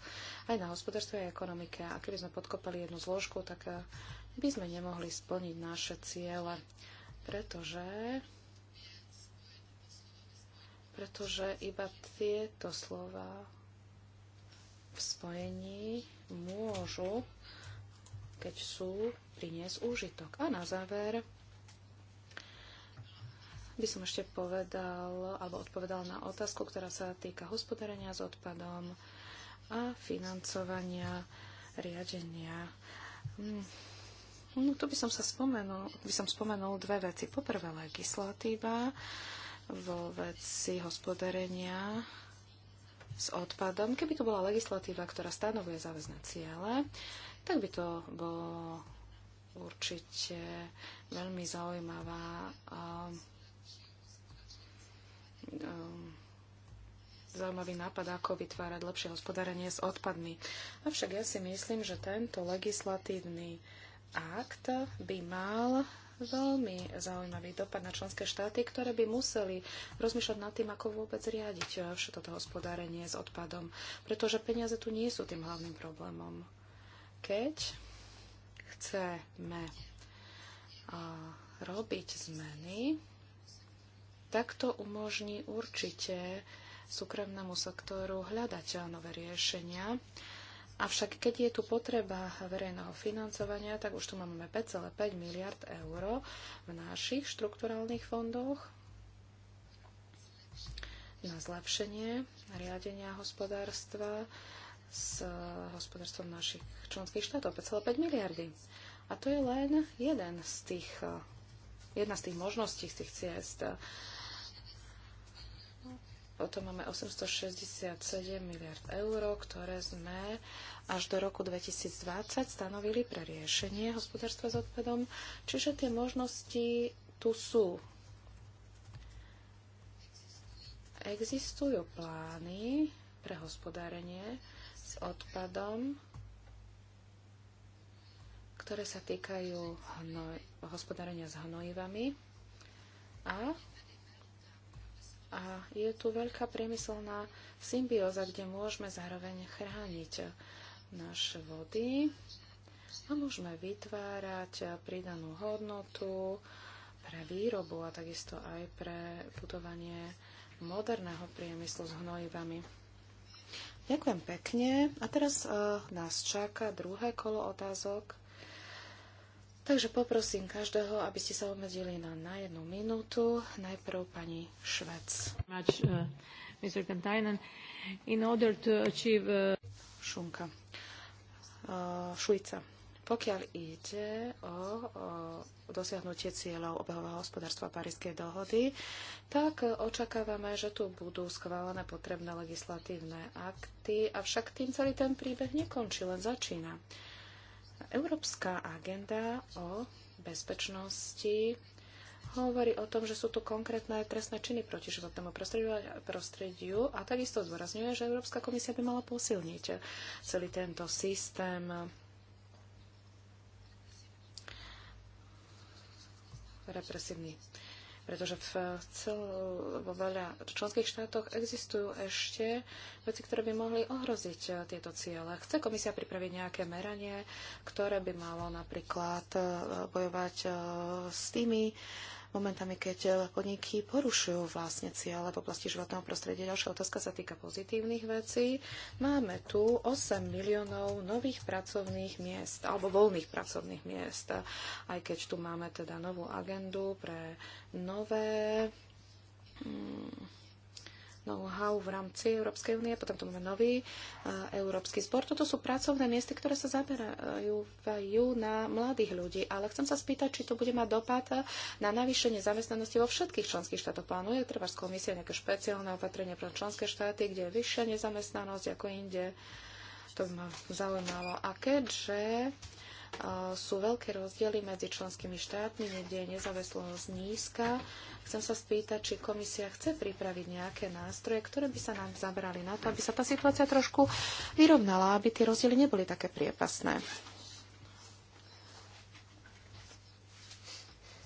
aj na hospodárstve a ekonomike. A keby sme podkopali jednu zložku, tak eh, by sme nemohli splniť naše ciele, pretože pretože iba tieto slova v spojení môžu, keď sú, priniesť úžitok. A na záver by som ešte povedal, alebo odpovedal na otázku, ktorá sa týka hospodárenia s odpadom a financovania riadenia. Hm. No tu by som sa spomenul, by som spomenul dve veci. Poprvé legislatíva vo veci hospodárenia s odpadom. Keby to bola legislatíva, ktorá stanovuje záväzne ciele, tak by to bolo určite veľmi zaujímavá Ehm, zaujímavý nápad, ako vytvárať lepšie hospodárenie s odpadmi. Avšak ja si myslím, že tento legislatívny akt by mal veľmi zaujímavý dopad na členské štáty, ktoré by museli rozmýšľať nad tým, ako vôbec riadiť eh, všetko to hospodárenie s odpadom, pretože peniaze tu nie sú tým hlavným problémom. Keď chceme eh, robiť zmeny, Takto umožní určite súkromnému sektoru hľadať nové riešenia. Avšak keď je tu potreba verejného financovania, tak už tu máme 5,5 miliard eur v našich štrukturálnych fondoch na zlepšenie riadenia hospodárstva s hospodárstvom našich členských štátov 5,5 miliardy. A to je len jeden z tých, jedna z tých možností, z tých ciest potom máme 867 miliard eur, ktoré sme až do roku 2020 stanovili pre riešenie hospodárstva s odpadom. Čiže tie možnosti tu sú. Existujú plány pre hospodárenie s odpadom, ktoré sa týkajú hospodárenia s hnojivami a a je tu veľká priemyselná symbióza, kde môžeme zároveň chrániť naše vody a môžeme vytvárať pridanú hodnotu pre výrobu a takisto aj pre budovanie moderného priemyslu s hnojivami. Ďakujem pekne. A teraz uh, nás čaká druhé kolo otázok. Takže poprosím každého, aby ste sa obmedzili na, na jednu minútu. Najprv pani Švec. Much, uh, Mr. In order to achieve... Uh... Šunka. Uh, Pokiaľ ide o, o dosiahnutie cieľov obehového hospodárstva Parískej dohody, tak očakávame, že tu budú schválené potrebné legislatívne akty, avšak tým celý ten príbeh nekončí, len začína. Uh, Európska agenda o bezpečnosti hovorí o tom, že sú tu konkrétne trestné činy proti životnému prostrediu, a takisto zdôrazňuje, že Európska komisia by mala posilniť celý tento systém represívny pretože v cel, vo veľa členských štátoch existujú ešte veci, ktoré by mohli ohroziť eh, tieto ciele. Chce komisia pripraviť nejaké meranie, ktoré by malo napríklad eh, bojovať eh, s tými momentami, keď e, podniky porušujú vlastne cieľe v oblasti životného prostredia. Ďalšia otázka sa týka pozitívnych vecí. Máme tu 8 miliónov nových pracovných miest, alebo voľných pracovných miest, aj keď tu máme teda novú agendu pre nové mm, know-how v rámci Európskej únie, potom tu máme nový e, Európsky zbor. Toto sú pracovné miesta, ktoré sa zaberajú na mladých ľudí, ale chcem sa spýtať, či to bude mať dopad na navýšenie zamestnanosti vo všetkých členských štátoch. Plánuje treba z komisie nejaké špeciálne opatrenie pre členské štáty, kde je vyššia nezamestnanosť ako inde. To by ma zaujímalo. A keďže sú veľké rozdiely medzi členskými štátmi, niekde je nezávislosť nízka. Chcem sa spýtať, či komisia chce pripraviť nejaké nástroje, ktoré by sa nám zabrali na to, aby sa tá situácia trošku vyrovnala, aby tie rozdiely neboli také priepasné.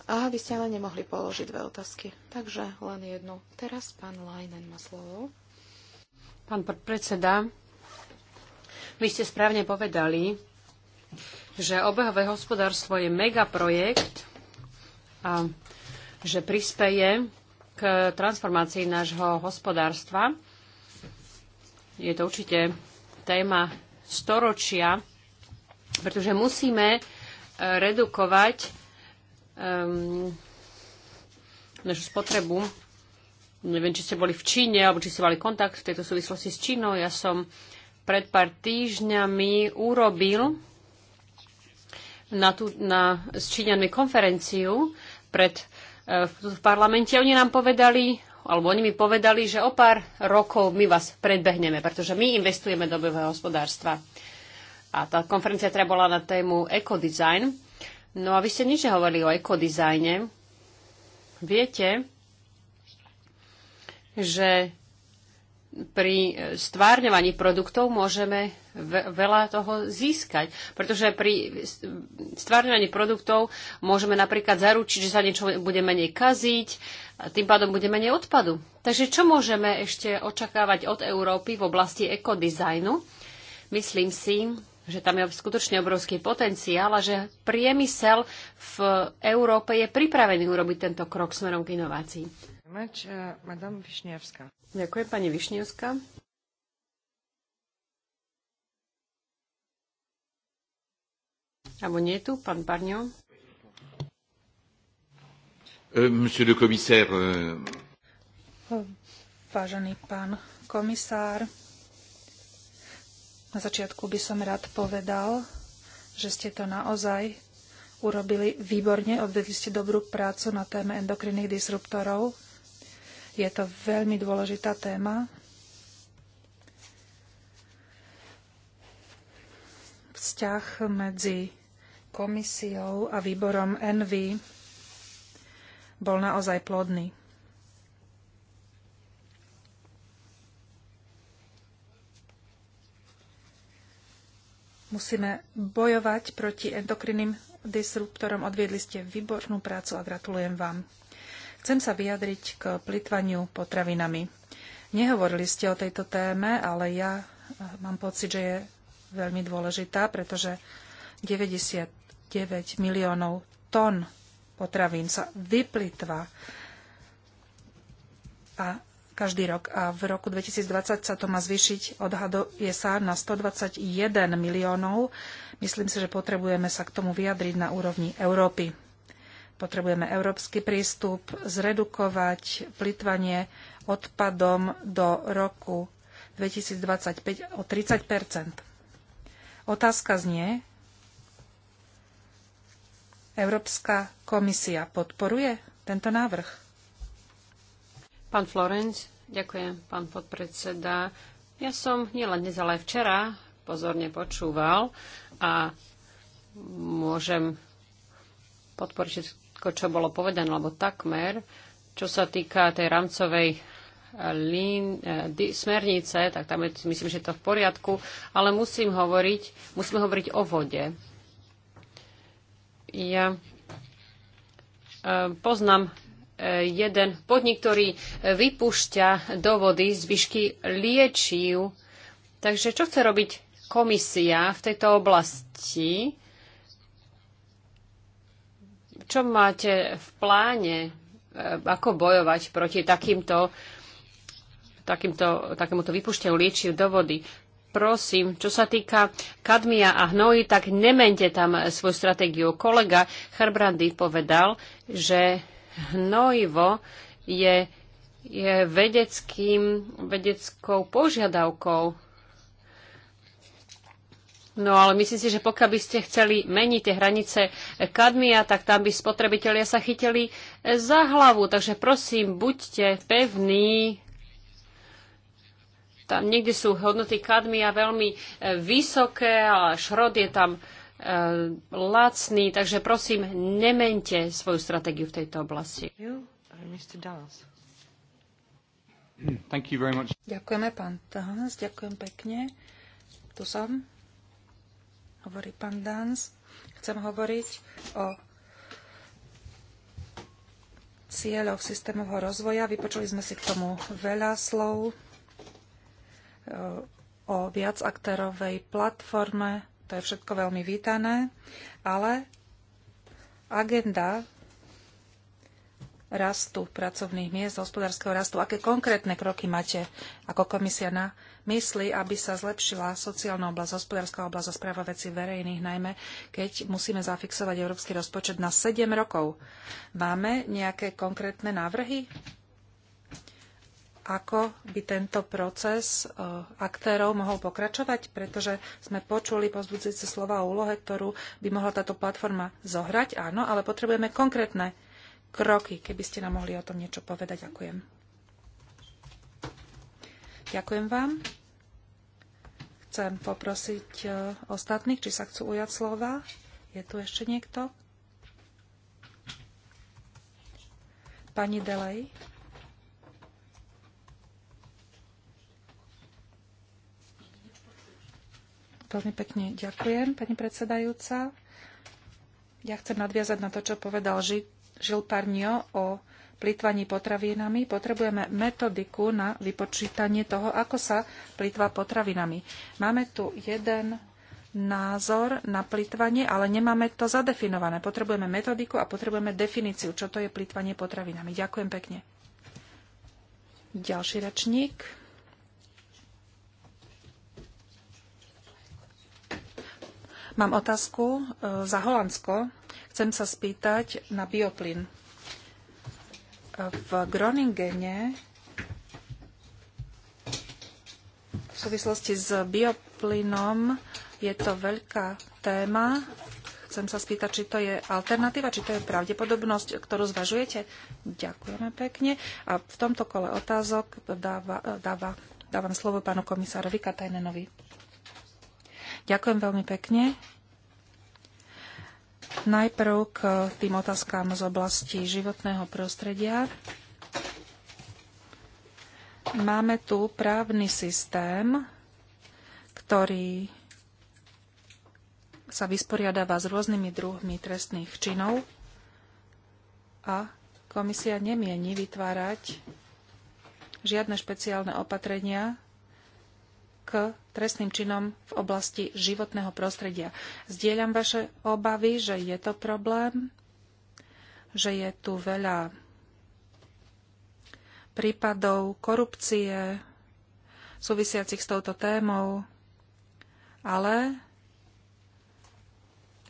A vy ste ale nemohli položiť dve otázky, takže len jednu. Teraz pán Lajnen má slovo. Pán predseda, vy ste správne povedali, že obehové hospodárstvo je megaprojekt a že prispeje k transformácii nášho hospodárstva. Je to určite téma storočia, pretože musíme eh, redukovať um, našu spotrebu. Neviem, či ste boli v Číne, alebo či ste mali kontakt v tejto súvislosti s Čínou. Ja som pred pár týždňami urobil na, tú, na s Číňanmi konferenciu pred, e, v, v parlamente. Oni nám povedali, alebo oni mi povedali, že o pár rokov my vás predbehneme, pretože my investujeme do obehového hospodárstva. A tá konferencia teda bola na tému ekodizajn. No a vy ste nič hovorili o ekodizajne. Viete, že pri stvárňovaní produktov môžeme veľa toho získať. Pretože pri stvárňovaní produktov môžeme napríklad zaručiť, že sa niečo bude menej kaziť, a tým pádom bude menej odpadu. Takže čo môžeme ešte očakávať od Európy v oblasti ekodizajnu? Myslím si, že tam je skutočne obrovský potenciál a že priemysel v Európe je pripravený urobiť tento krok smerom k inovácii. Much, uh, Ďakujem, pani Višnievská. Alebo nie je tu, pán Barňo? E, monsieur le commissaire. E, Vážený pán komisár, na začiatku by som rád povedal, že ste to naozaj urobili výborne, odvedli ste dobrú prácu na téme endokrinných disruptorov je to veľmi dôležitá téma. Vzťah medzi komisiou a výborom NV bol naozaj plodný. Musíme bojovať proti endokrinným disruptorom. Odviedli ste výbornú prácu a gratulujem vám. Chcem sa vyjadriť k plitvaniu potravinami. Nehovorili ste o tejto téme, ale ja eh, mám pocit, že je veľmi dôležitá, pretože 99 miliónov tón potravín sa vyplitva a každý rok. A v roku 2020 sa to má zvýšiť, odhadu sa na 121 miliónov. Myslím si, že potrebujeme sa k tomu vyjadriť na úrovni Európy. Potrebujeme európsky prístup, zredukovať plitvanie odpadom do roku 2025 o 30 Otázka znie, Európska komisia podporuje tento návrh? Pán Florenc, ďakujem, pán podpredseda. Ja som nielen dnes, ale aj včera pozorne počúval a môžem podporiť všetko, čo bolo povedané, alebo takmer, čo sa týka tej rámcovej eh, lín, eh, di, smernice, tak tam je, myslím, že je to v poriadku, ale musím hovoriť, musíme hovoriť o vode. Ja eh, poznám jeden podnik, ktorý vypúšťa do vody zvyšky liečiv. Takže čo chce robiť komisia v tejto oblasti? čo máte v pláne, e, ako bojovať proti takýmto, takýmto, takémuto vypušteniu liečiv do vody? Prosím, čo sa týka kadmia a hnoji, tak nemente tam svoju stratégiu. Kolega Herbrandy povedal, že hnojivo je, je vedeckým, vedeckou požiadavkou No ale myslím si, že pokiaľ by ste chceli meniť tie hranice kadmia, tak tam by spotrebitelia sa chytili za hlavu. Takže prosím, buďte pevní. Tam niekde sú hodnoty kadmia veľmi e, vysoké a šrod je tam e, lacný, takže prosím, nemente svoju stratégiu v tejto oblasti. Uh, hmm, Ďakujeme, pán Tahans, ďakujem pekne. Tu som hovorí pán Dans. Chcem hovoriť o cieľoch systémového rozvoja. Vypočuli sme si k tomu veľa slov e, o viacaktérovej platforme. To je všetko veľmi vítané, ale agenda rastu pracovných miest, hospodárskeho rastu, aké konkrétne kroky máte ako komisia na mysli, aby sa zlepšila sociálna oblasť, hospodárska oblasť a správa veci verejných, najmä keď musíme zafixovať európsky rozpočet na 7 rokov. Máme nejaké konkrétne návrhy? ako by tento proces e, aktérov mohol pokračovať, pretože sme počuli pozbudzujúce slova o úlohe, ktorú by mohla táto platforma zohrať, áno, ale potrebujeme konkrétne kroky, keby ste nám mohli o tom niečo povedať. Ďakujem. Ďakujem vám. Chcem poprosiť e, ostatných, či sa chcú ujať slova. Je tu ešte niekto? Pani Delej. Veľmi pekne ďakujem, pani predsedajúca. Ja chcem nadviazať na to, čo povedal Žil Parnio o plýtvaní potravinami, potrebujeme metodiku na vypočítanie toho, ako sa plýtva potravinami. Máme tu jeden názor na plýtvanie, ale nemáme to zadefinované. Potrebujeme metodiku a potrebujeme definíciu, čo to je plýtvanie potravinami. Ďakujem pekne. Ďalší rečník. Mám otázku e, za Holandsko. Chcem sa spýtať na bioplyn v Groningene v súvislosti s bioplynom je to veľká téma. Chcem sa spýtať, či to je alternatíva, či to je pravdepodobnosť, ktorú zvažujete. Ďakujeme pekne. A v tomto kole otázok dáva, dáva, dávam slovo pánu komisárovi Katajnenovi. Ďakujem veľmi pekne. Najprv k tým otázkám z oblasti životného prostredia. Máme tu právny systém, ktorý sa vysporiadáva s rôznymi druhmi trestných činov a komisia nemieni vytvárať žiadne špeciálne opatrenia k trestným činom v oblasti životného prostredia. Zdieľam vaše obavy, že je to problém, že je tu veľa prípadov korupcie súvisiacich s touto témou, ale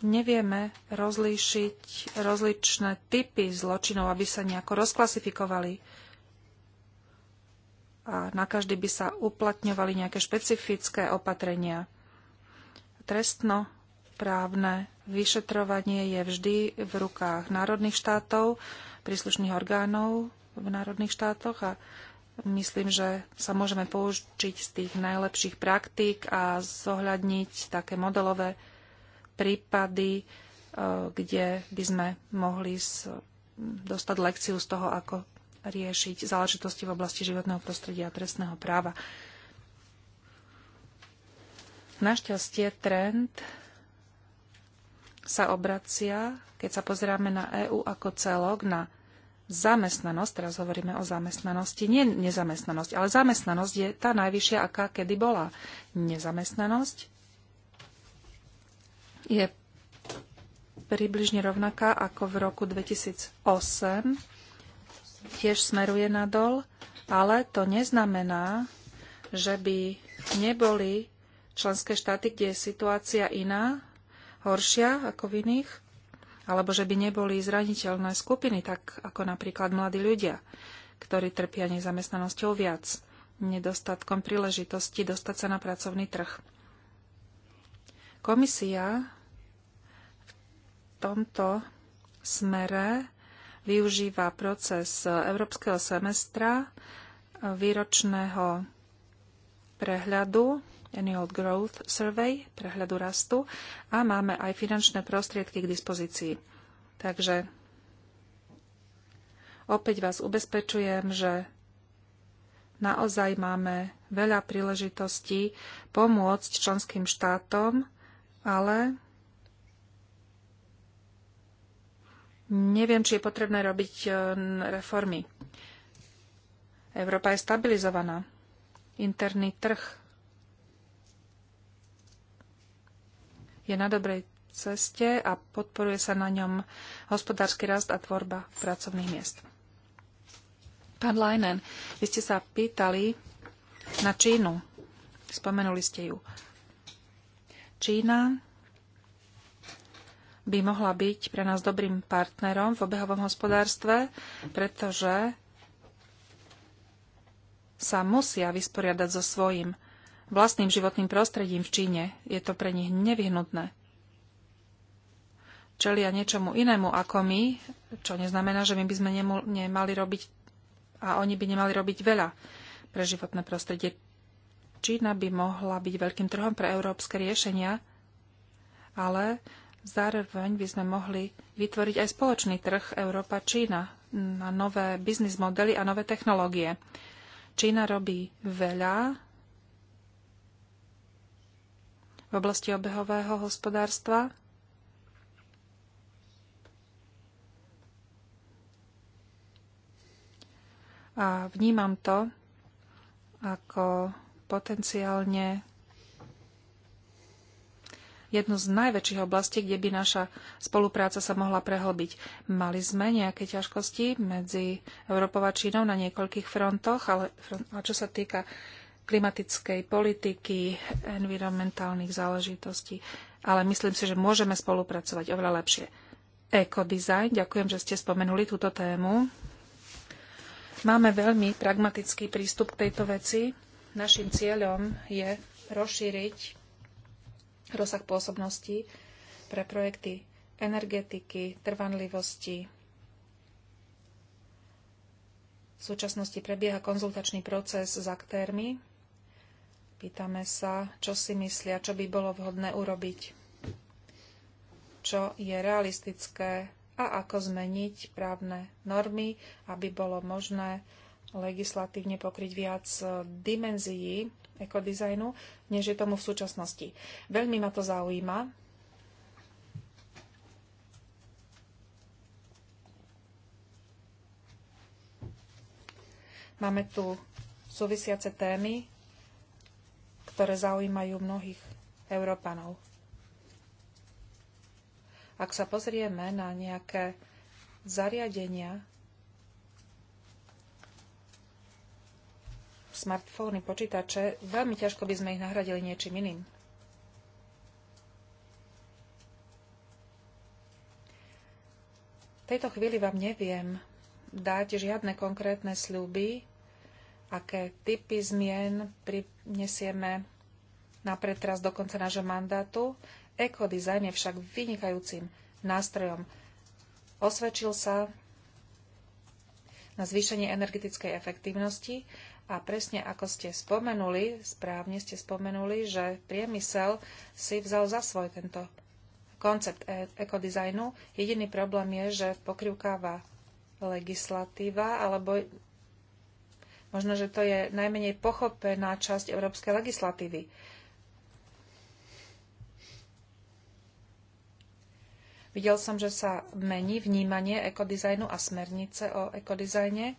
nevieme rozlíšiť rozličné typy zločinov, aby sa nejako rozklasifikovali a na každý by sa uplatňovali nejaké špecifické opatrenia. Trestno právne vyšetrovanie je vždy v rukách národných štátov, príslušných orgánov v národných štátoch a myslím, že sa môžeme poučiť z tých najlepších praktík a zohľadniť také modelové prípady, eh, kde by sme mohli dostať lekciu z toho, ako riešiť záležitosti v oblasti životného prostredia a trestného práva. Našťastie trend sa obracia, keď sa pozeráme na EÚ ako celok, na zamestnanosť, teraz hovoríme o zamestnanosti, nie nezamestnanosť, ale zamestnanosť je tá najvyššia, aká kedy bola. Nezamestnanosť je približne rovnaká ako v roku 2008 tiež smeruje nadol, ale to neznamená, že by neboli členské štáty, kde je situácia iná, horšia ako v iných, alebo že by neboli zraniteľné skupiny, tak ako napríklad mladí ľudia, ktorí trpia nezamestnanosťou viac, nedostatkom príležitosti dostať sa na pracovný trh. Komisia v tomto smere využíva proces európskeho semestra, e, výročného prehľadu Annual Growth Survey, prehľadu rastu a máme aj finančné prostriedky k dispozícii. Takže opäť vás ubezpečujem, že naozaj máme veľa príležitostí pomôcť členským štátom, ale neviem, či je potrebné robiť e, reformy. Európa je stabilizovaná. Interný trh je na dobrej ceste a podporuje sa na ňom hospodársky rast a tvorba pracovných miest. Pán Leinen, vy ste sa pýtali na Čínu. Spomenuli ste ju. Čína by mohla byť pre nás dobrým partnerom v obehovom hospodárstve, pretože sa musia vysporiadať so svojím vlastným životným prostredím v Číne. Je to pre nich nevyhnutné. Čelia niečomu inému ako my, čo neznamená, že my by sme nemali robiť a oni by nemali robiť veľa pre životné prostredie. Čína by mohla byť veľkým trhom pre európske riešenia, ale Zároveň by sme mohli vytvoriť aj spoločný trh Európa-Čína na nové biznis modely a nové technológie. Čína robí veľa v oblasti obehového hospodárstva. A vnímam to ako potenciálne jednu z najväčších oblastí, kde by naša spolupráca sa mohla prehlbiť. Mali sme nejaké ťažkosti medzi Európou a Čínou na niekoľkých frontoch, ale čo sa týka klimatickej politiky, environmentálnych záležitostí, ale myslím si, že môžeme spolupracovať oveľa lepšie. Ekodizajn, ďakujem, že ste spomenuli túto tému. Máme veľmi pragmatický prístup k tejto veci. Našim cieľom je rozšíriť rozsah pôsobnosti pre projekty energetiky, trvanlivosti. V súčasnosti prebieha konzultačný proces s aktérmi. Pýtame sa, čo si myslia, čo by bolo vhodné urobiť, čo je realistické a ako zmeniť právne normy, aby bolo možné legislatívne pokryť viac dimenzií ekodizajnu, než je tomu v súčasnosti. Veľmi ma to zaujíma. Máme tu súvisiace témy, ktoré zaujímajú mnohých Európanov. Ak sa pozrieme na nejaké zariadenia, smartfóny, počítače, veľmi ťažko by sme ich nahradili niečím iným. V tejto chvíli vám neviem dať žiadne konkrétne sľuby, aké typy zmien prinesieme na pretras do konca nášho mandátu. Ekodizajn je však vynikajúcim nástrojom. Osvedčil sa na zvýšenie energetickej efektívnosti a presne ako ste spomenuli, správne ste spomenuli, že priemysel si vzal za svoj tento koncept e ekodizajnu. Jediný problém je, že pokrivkáva legislatíva, alebo možno, že to je najmenej pochopená časť európskej legislatívy. Videl som, že sa mení vnímanie ekodizajnu a smernice o ekodizajne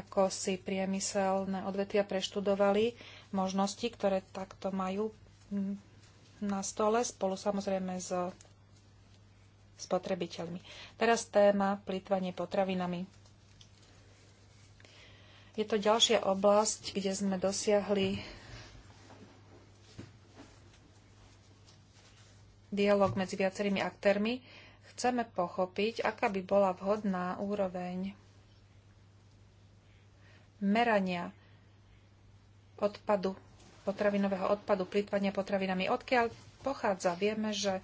ako si priemyselné odvetvia preštudovali možnosti, ktoré takto majú na stole, spolu samozrejme s spotrebiteľmi. Teraz téma plýtvanie potravinami. Je to ďalšia oblasť, kde sme dosiahli dialog medzi viacerými aktérmi. Chceme pochopiť, aká by bola vhodná úroveň merania odpadu, potravinového odpadu, plýtvania potravinami. Odkiaľ pochádza? Vieme, že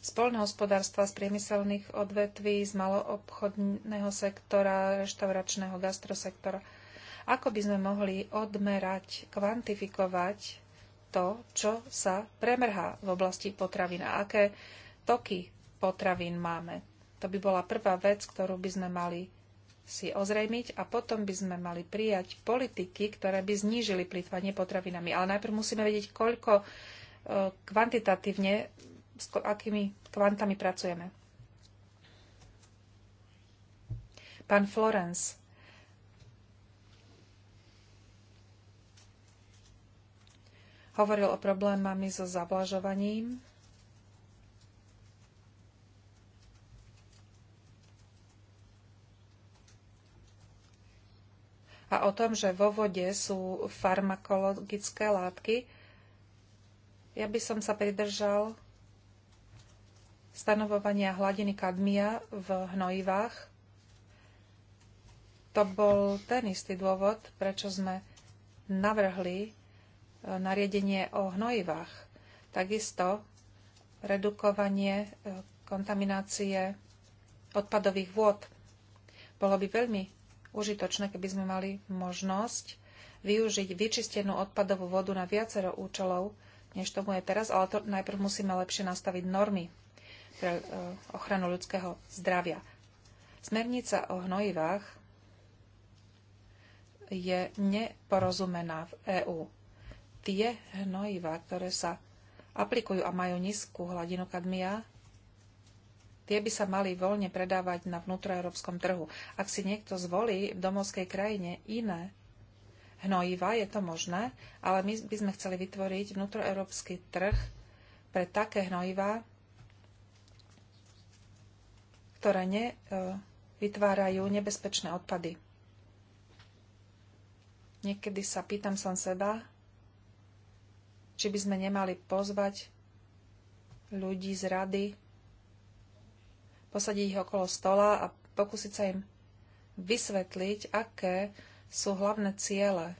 z polnohospodárstva, z priemyselných odvetví, z maloobchodného sektora, reštauračného gastrosektora. Ako by sme mohli odmerať, kvantifikovať to, čo sa premrhá v oblasti potravín a aké toky potravín máme? To by bola prvá vec, ktorú by sme mali si ozrejmiť a potom by sme mali prijať politiky, ktoré by znížili plýtvanie potravinami. Ale najprv musíme vedieť, koľko e, kvantitatívne, s akými kvantami pracujeme. Pán Florence. Hovoril o problémami so zavlažovaním a o tom, že vo vode sú farmakologické látky, ja by som sa pridržal stanovovania hladiny kadmia v hnojivách. To bol ten istý dôvod, prečo sme navrhli e, nariadenie o hnojivách. Takisto redukovanie e, kontaminácie odpadových vôd. Bolo by veľmi užitočné, keby sme mali možnosť využiť vyčistenú odpadovú vodu na viacero účelov, než tomu je teraz, ale to najprv musíme lepšie nastaviť normy pre e, ochranu ľudského zdravia. Smernica o hnojivách je neporozumená v EÚ. Tie hnojivá, ktoré sa aplikujú a majú nízku hladinu kadmia, tie by sa mali voľne predávať na vnútroeurópskom trhu. Ak si niekto zvolí v domovskej krajine iné hnojiva, je to možné, ale my by sme chceli vytvoriť vnútroeurópsky trh pre také hnojiva, ktoré ne, e, vytvárajú nebezpečné odpady. Niekedy sa pýtam som seba, či by sme nemali pozvať ľudí z rady, posadiť ich okolo stola a pokúsiť sa im vysvetliť, aké sú hlavné ciele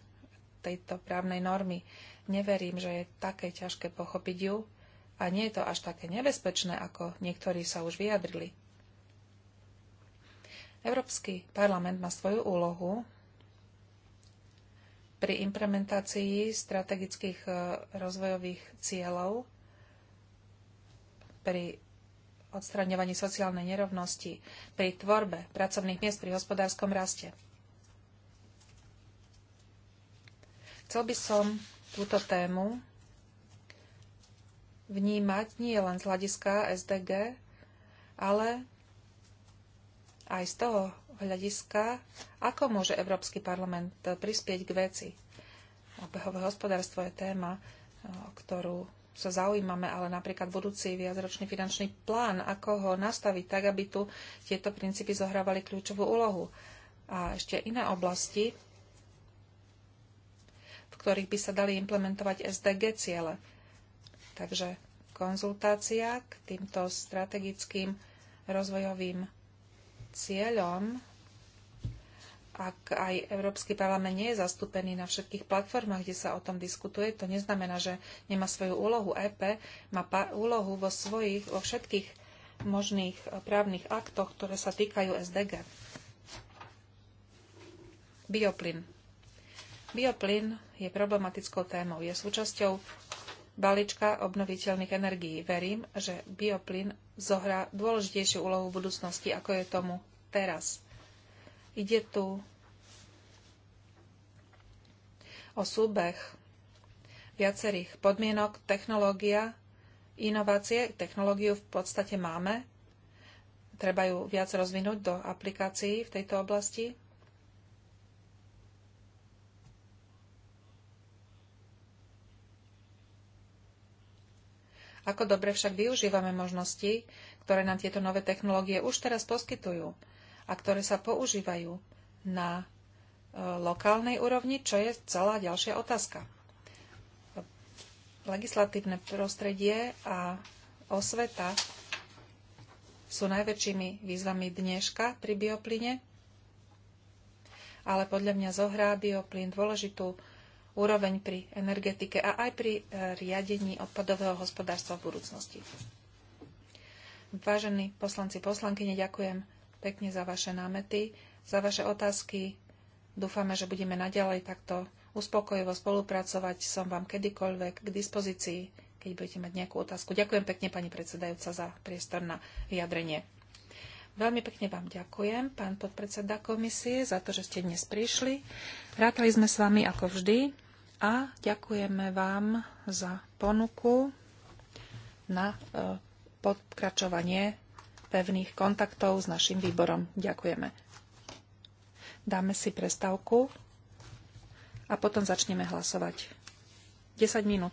tejto právnej normy. Neverím, že je také ťažké pochopiť ju a nie je to až také nebezpečné, ako niektorí sa už vyjadrili. Európsky parlament má svoju úlohu pri implementácii strategických e, rozvojových cieľov, pri odstraňovaní sociálnej nerovnosti, pri tvorbe pracovných miest, pri hospodárskom raste. Chcel by som túto tému vnímať nie len z hľadiska SDG, ale aj z toho hľadiska, ako môže Európsky parlament prispieť k veci. Obehové hospodárstvo je téma, ktorú sa zaujímame, ale napríklad budúci viacročný finančný plán, ako ho nastaviť tak, aby tu tieto princípy zohrávali kľúčovú úlohu. A ešte iné oblasti, v ktorých by sa dali implementovať SDG ciele. Takže konzultácia k týmto strategickým rozvojovým cieľom ak aj Európsky parlament nie je zastúpený na všetkých platformách, kde sa o tom diskutuje, to neznamená, že nemá svoju úlohu. EP má úlohu vo, svojich, vo všetkých možných právnych aktoch, ktoré sa týkajú SDG. Bioplyn. Bioplyn je problematickou témou. Je súčasťou balíčka obnoviteľných energií. Verím, že bioplyn zohrá dôležitejšiu úlohu v budúcnosti, ako je tomu teraz Ide tu o súbeh viacerých podmienok, technológia, inovácie. Technológiu v podstate máme. Treba ju viac rozvinúť do aplikácií v tejto oblasti. Ako dobre však využívame možnosti, ktoré nám tieto nové technológie už teraz poskytujú a ktoré sa používajú na e, lokálnej úrovni, čo je celá ďalšia otázka. Legislatívne prostredie a osveta sú najväčšími výzvami dneška pri bioplyne, ale podľa mňa zohrá bioplyn dôležitú úroveň pri energetike a aj pri e, riadení odpadového hospodárstva v budúcnosti. Vážení poslanci, poslankyne, ďakujem pekne za vaše námety, za vaše otázky. Dúfame, že budeme naďalej takto uspokojivo spolupracovať. Som vám kedykoľvek k dispozícii, keď budete mať nejakú otázku. Ďakujem pekne, pani predsedajúca, za priestor na vyjadrenie. Veľmi pekne vám ďakujem, pán podpredseda komisie, za to, že ste dnes prišli. Rátali sme s vami ako vždy a ďakujeme vám za ponuku na e, pokračovanie pevných kontaktov s našim výborom. Ďakujeme. Dáme si prestávku a potom začneme hlasovať. 10 minút.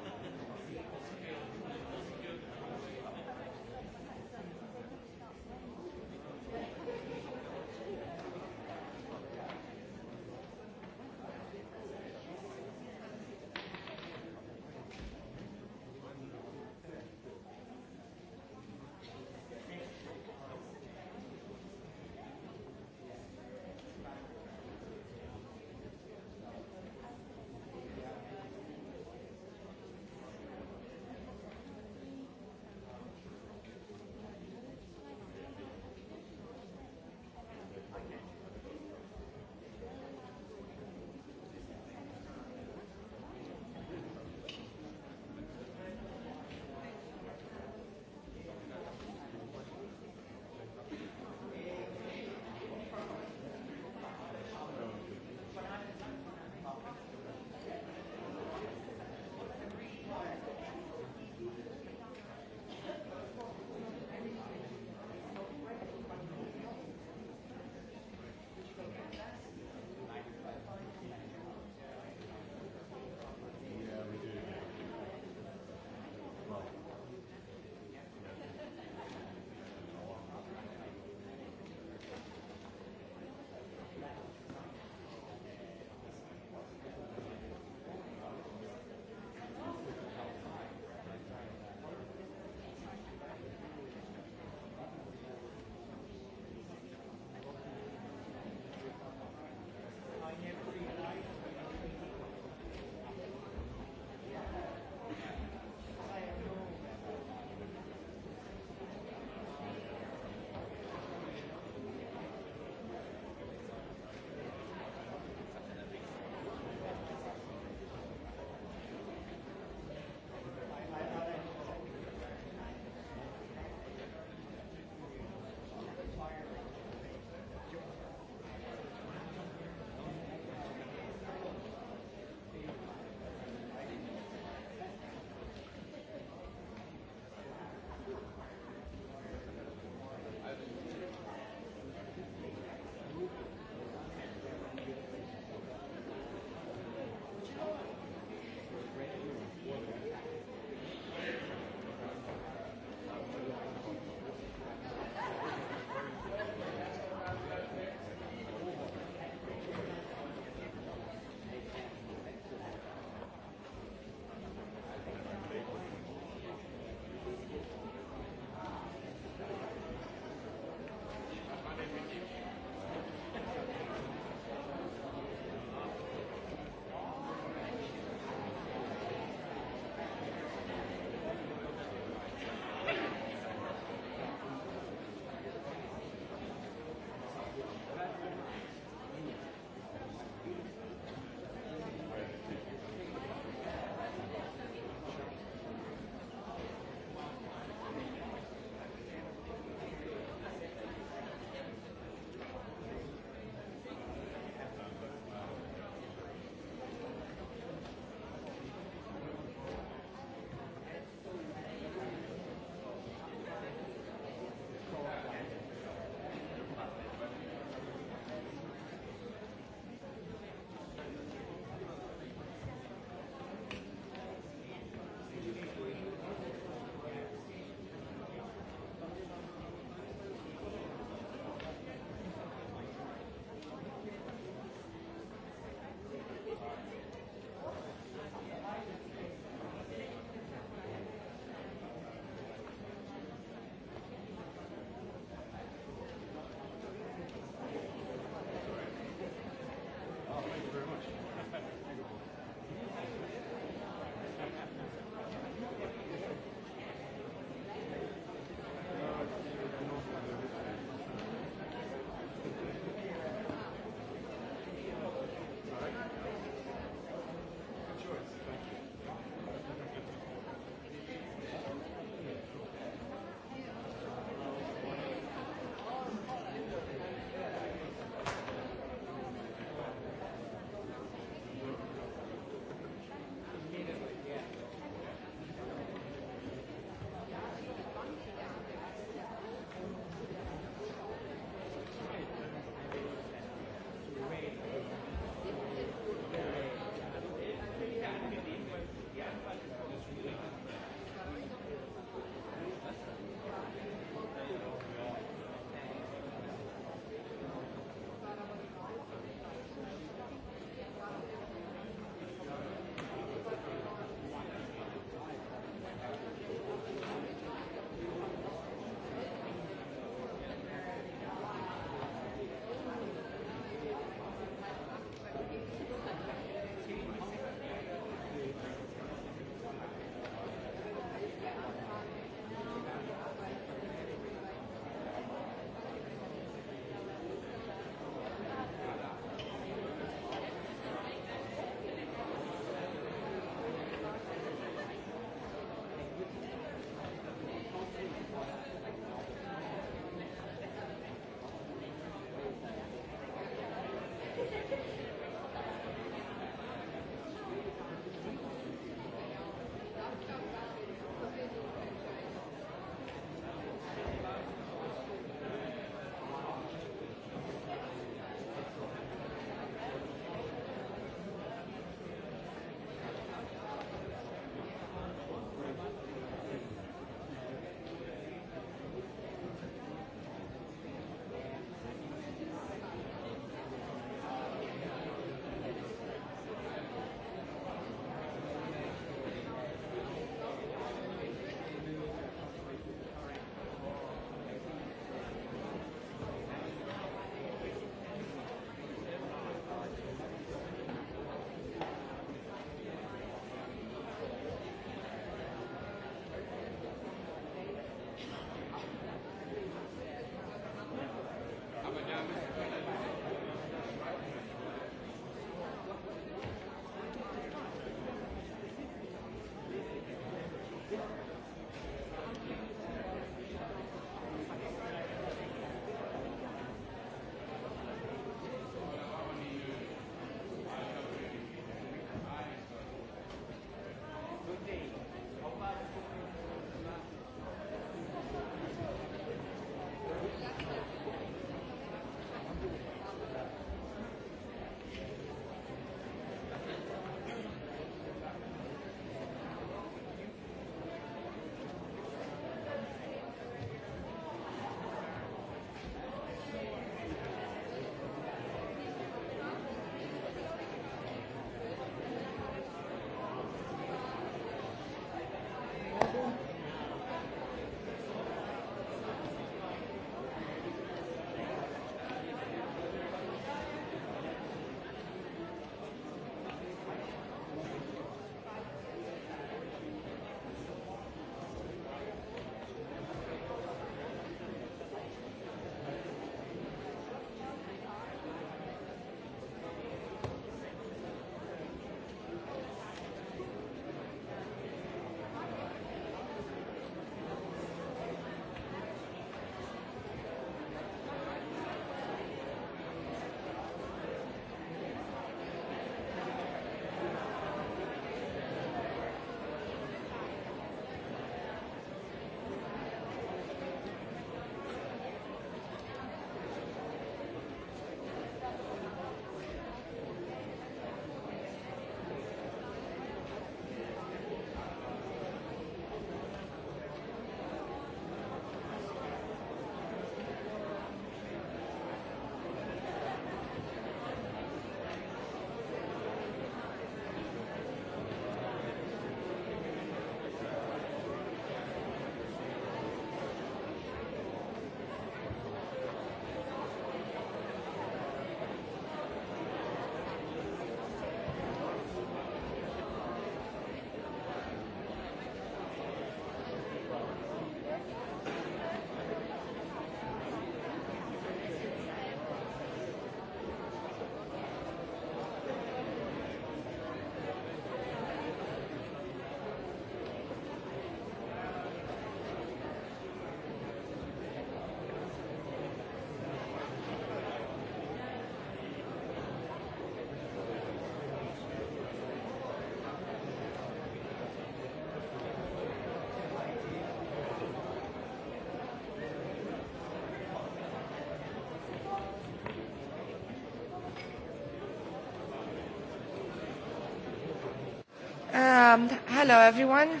Um, hello, everyone.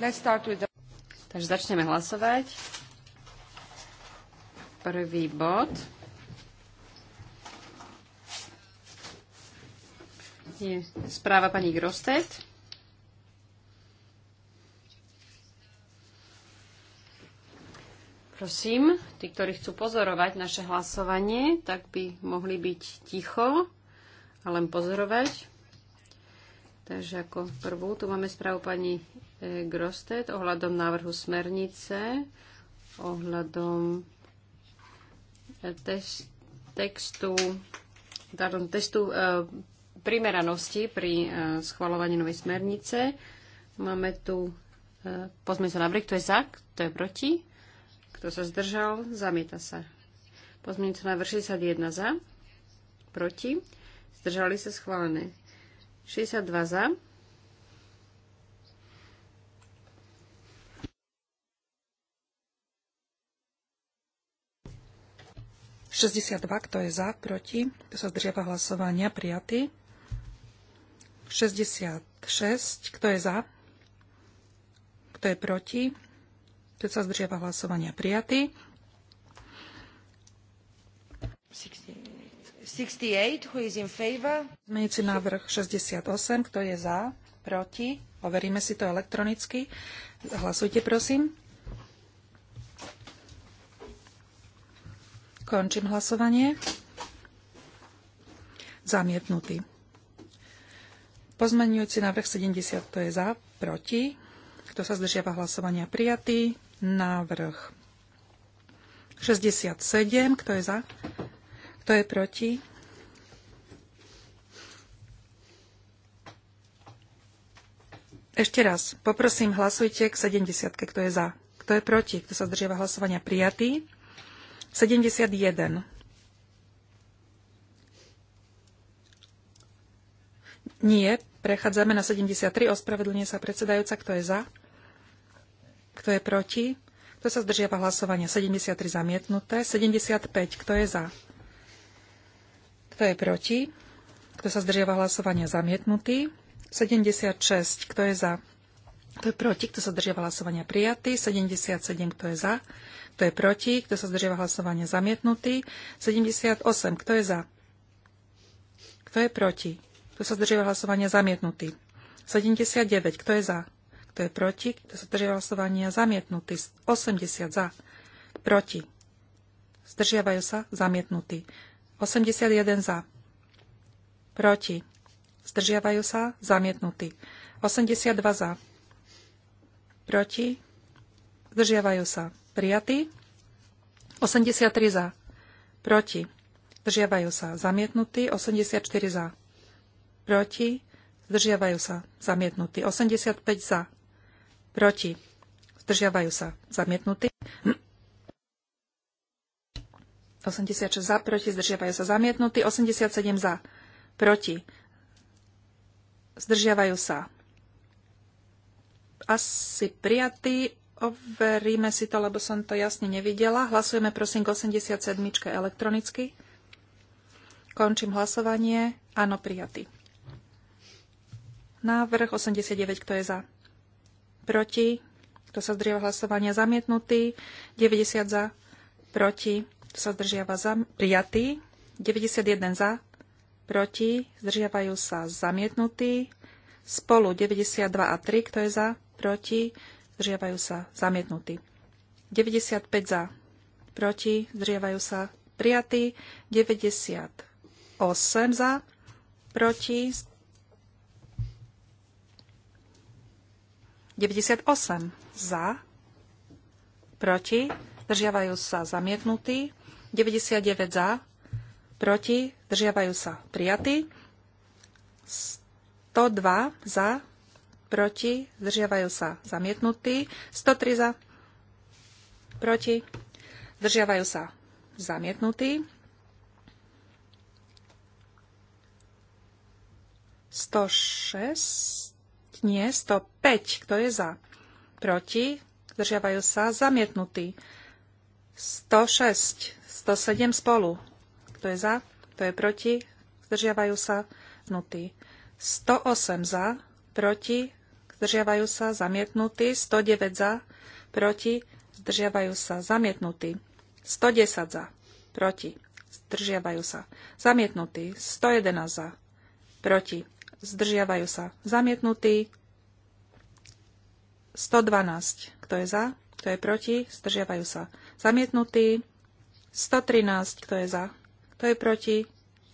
Let's start with the... Takže začneme hlasovať. Prvý bod je správa pani Grostet. Prosím, tí, ktorí chcú pozorovať naše hlasovanie, tak by mohli byť ticho a len pozorovať. Takže ako prvú tu máme správu pani e, Grostet ohľadom návrhu smernice, ohľadom e, test, textu, pardon, testu e, primeranosti pri e, schvalovaní novej smernice. Máme tu e, na brek, kto je za, kto je proti, kto sa zdržal, zamieta sa. Pozmeňujúci na 61 za, proti zdržali sa schválené. 62 za, kto je za, proti, kto sa zdržiava hlasovania, prijatý. 66. Kto je za? Kto je proti? Kto sa zdržiava hlasovania? Prijatý. 68. 68, návrh 68, kto je za, proti. Overíme si to elektronicky. Hlasujte, prosím. Končím hlasovanie. Zamietnutý. Pozmeňujúci návrh 70, to je za, proti. Kto sa zdržiava hlasovania, prijatý. Návrh 67, kto je za, kto je proti? Ešte raz, poprosím, hlasujte k 70, kto je za. Kto je proti? Kto sa zdržiava hlasovania? Prijatý. 71. Nie, prechádzame na 73. Ospravedlňuje sa predsedajúca. Kto je za? Kto je proti? Kto sa zdržiava hlasovania? 73 zamietnuté. 75. Kto je za? Kto je proti? Kto sa zdržiava hlasovania? Zamietnutý. 76. Kto je za? Kto je proti? Kto sa zdržiava hlasovania? Prijatý. 77. Kto je za? Kto je proti? Kto sa zdržiava hlasovania? Zamietnutý. 78. Kto je za? Kto je proti? Kto sa zdržiava hlasovania? Zamietnutý. 79. Kto je za? Kto je proti? Kto sa zdržiava hlasovania? Zamietnutý. 80. Za. Proti. Zdržiavajú sa? Zamietnutý. 81 za. Proti. Zdržiavajú sa. Zamietnutý. 82 za. Proti. Zdržiavajú sa. Prijatý. 83 za. Proti. Zdržiavajú sa. Zamietnutý. 84 za. Proti. Zdržiavajú sa. Zamietnutý. 85 za. Proti. Zdržiavajú sa. Zamietnutý. 86 za, proti, zdržiavajú sa zamietnutí. 87 za, proti, zdržiavajú sa. Asi prijatý, overíme si to, lebo som to jasne nevidela. Hlasujeme prosím k 87 elektronicky. Končím hlasovanie. Áno, prijatý. Návrh 89, kto je za? Proti. Kto sa zdrieva hlasovania? Zamietnutý. 90 za. Proti sa zdržiava za? Prijatý. 91 za. Proti. Zdržiavajú sa zamietnutí. Spolu 92 a 3. Kto je za? Proti. Zdržiavajú sa zamietnutí. 95 za. Proti. Zdržiavajú sa prijatí. 98 za. Proti. 98 za. Proti. Zdržiavajú sa zamietnutí. 99 za, proti, zdržiavajú sa prijatí. 102 za, proti, zdržiavajú sa zamietnutí. 103 za, proti, zdržiavajú sa zamietnutí. 106, nie, 105, kto je za, proti, zdržiavajú sa zamietnutí. 106, 107 spolu. Kto je za? Kto je proti? Zdržiavajú sa nutí. 108 za, proti, zdržiavajú sa, zamietnutí. 109 za, proti, zdržiavajú sa, zamietnutí. 110 za, proti, zdržiavajú sa, zamietnutí. 111 za, proti, zdržiavajú sa, zamietnutí. 112, kto je za? Kto je proti? Zdržiavajú sa. Zamietnutý. 113. Kto je za? Kto je proti?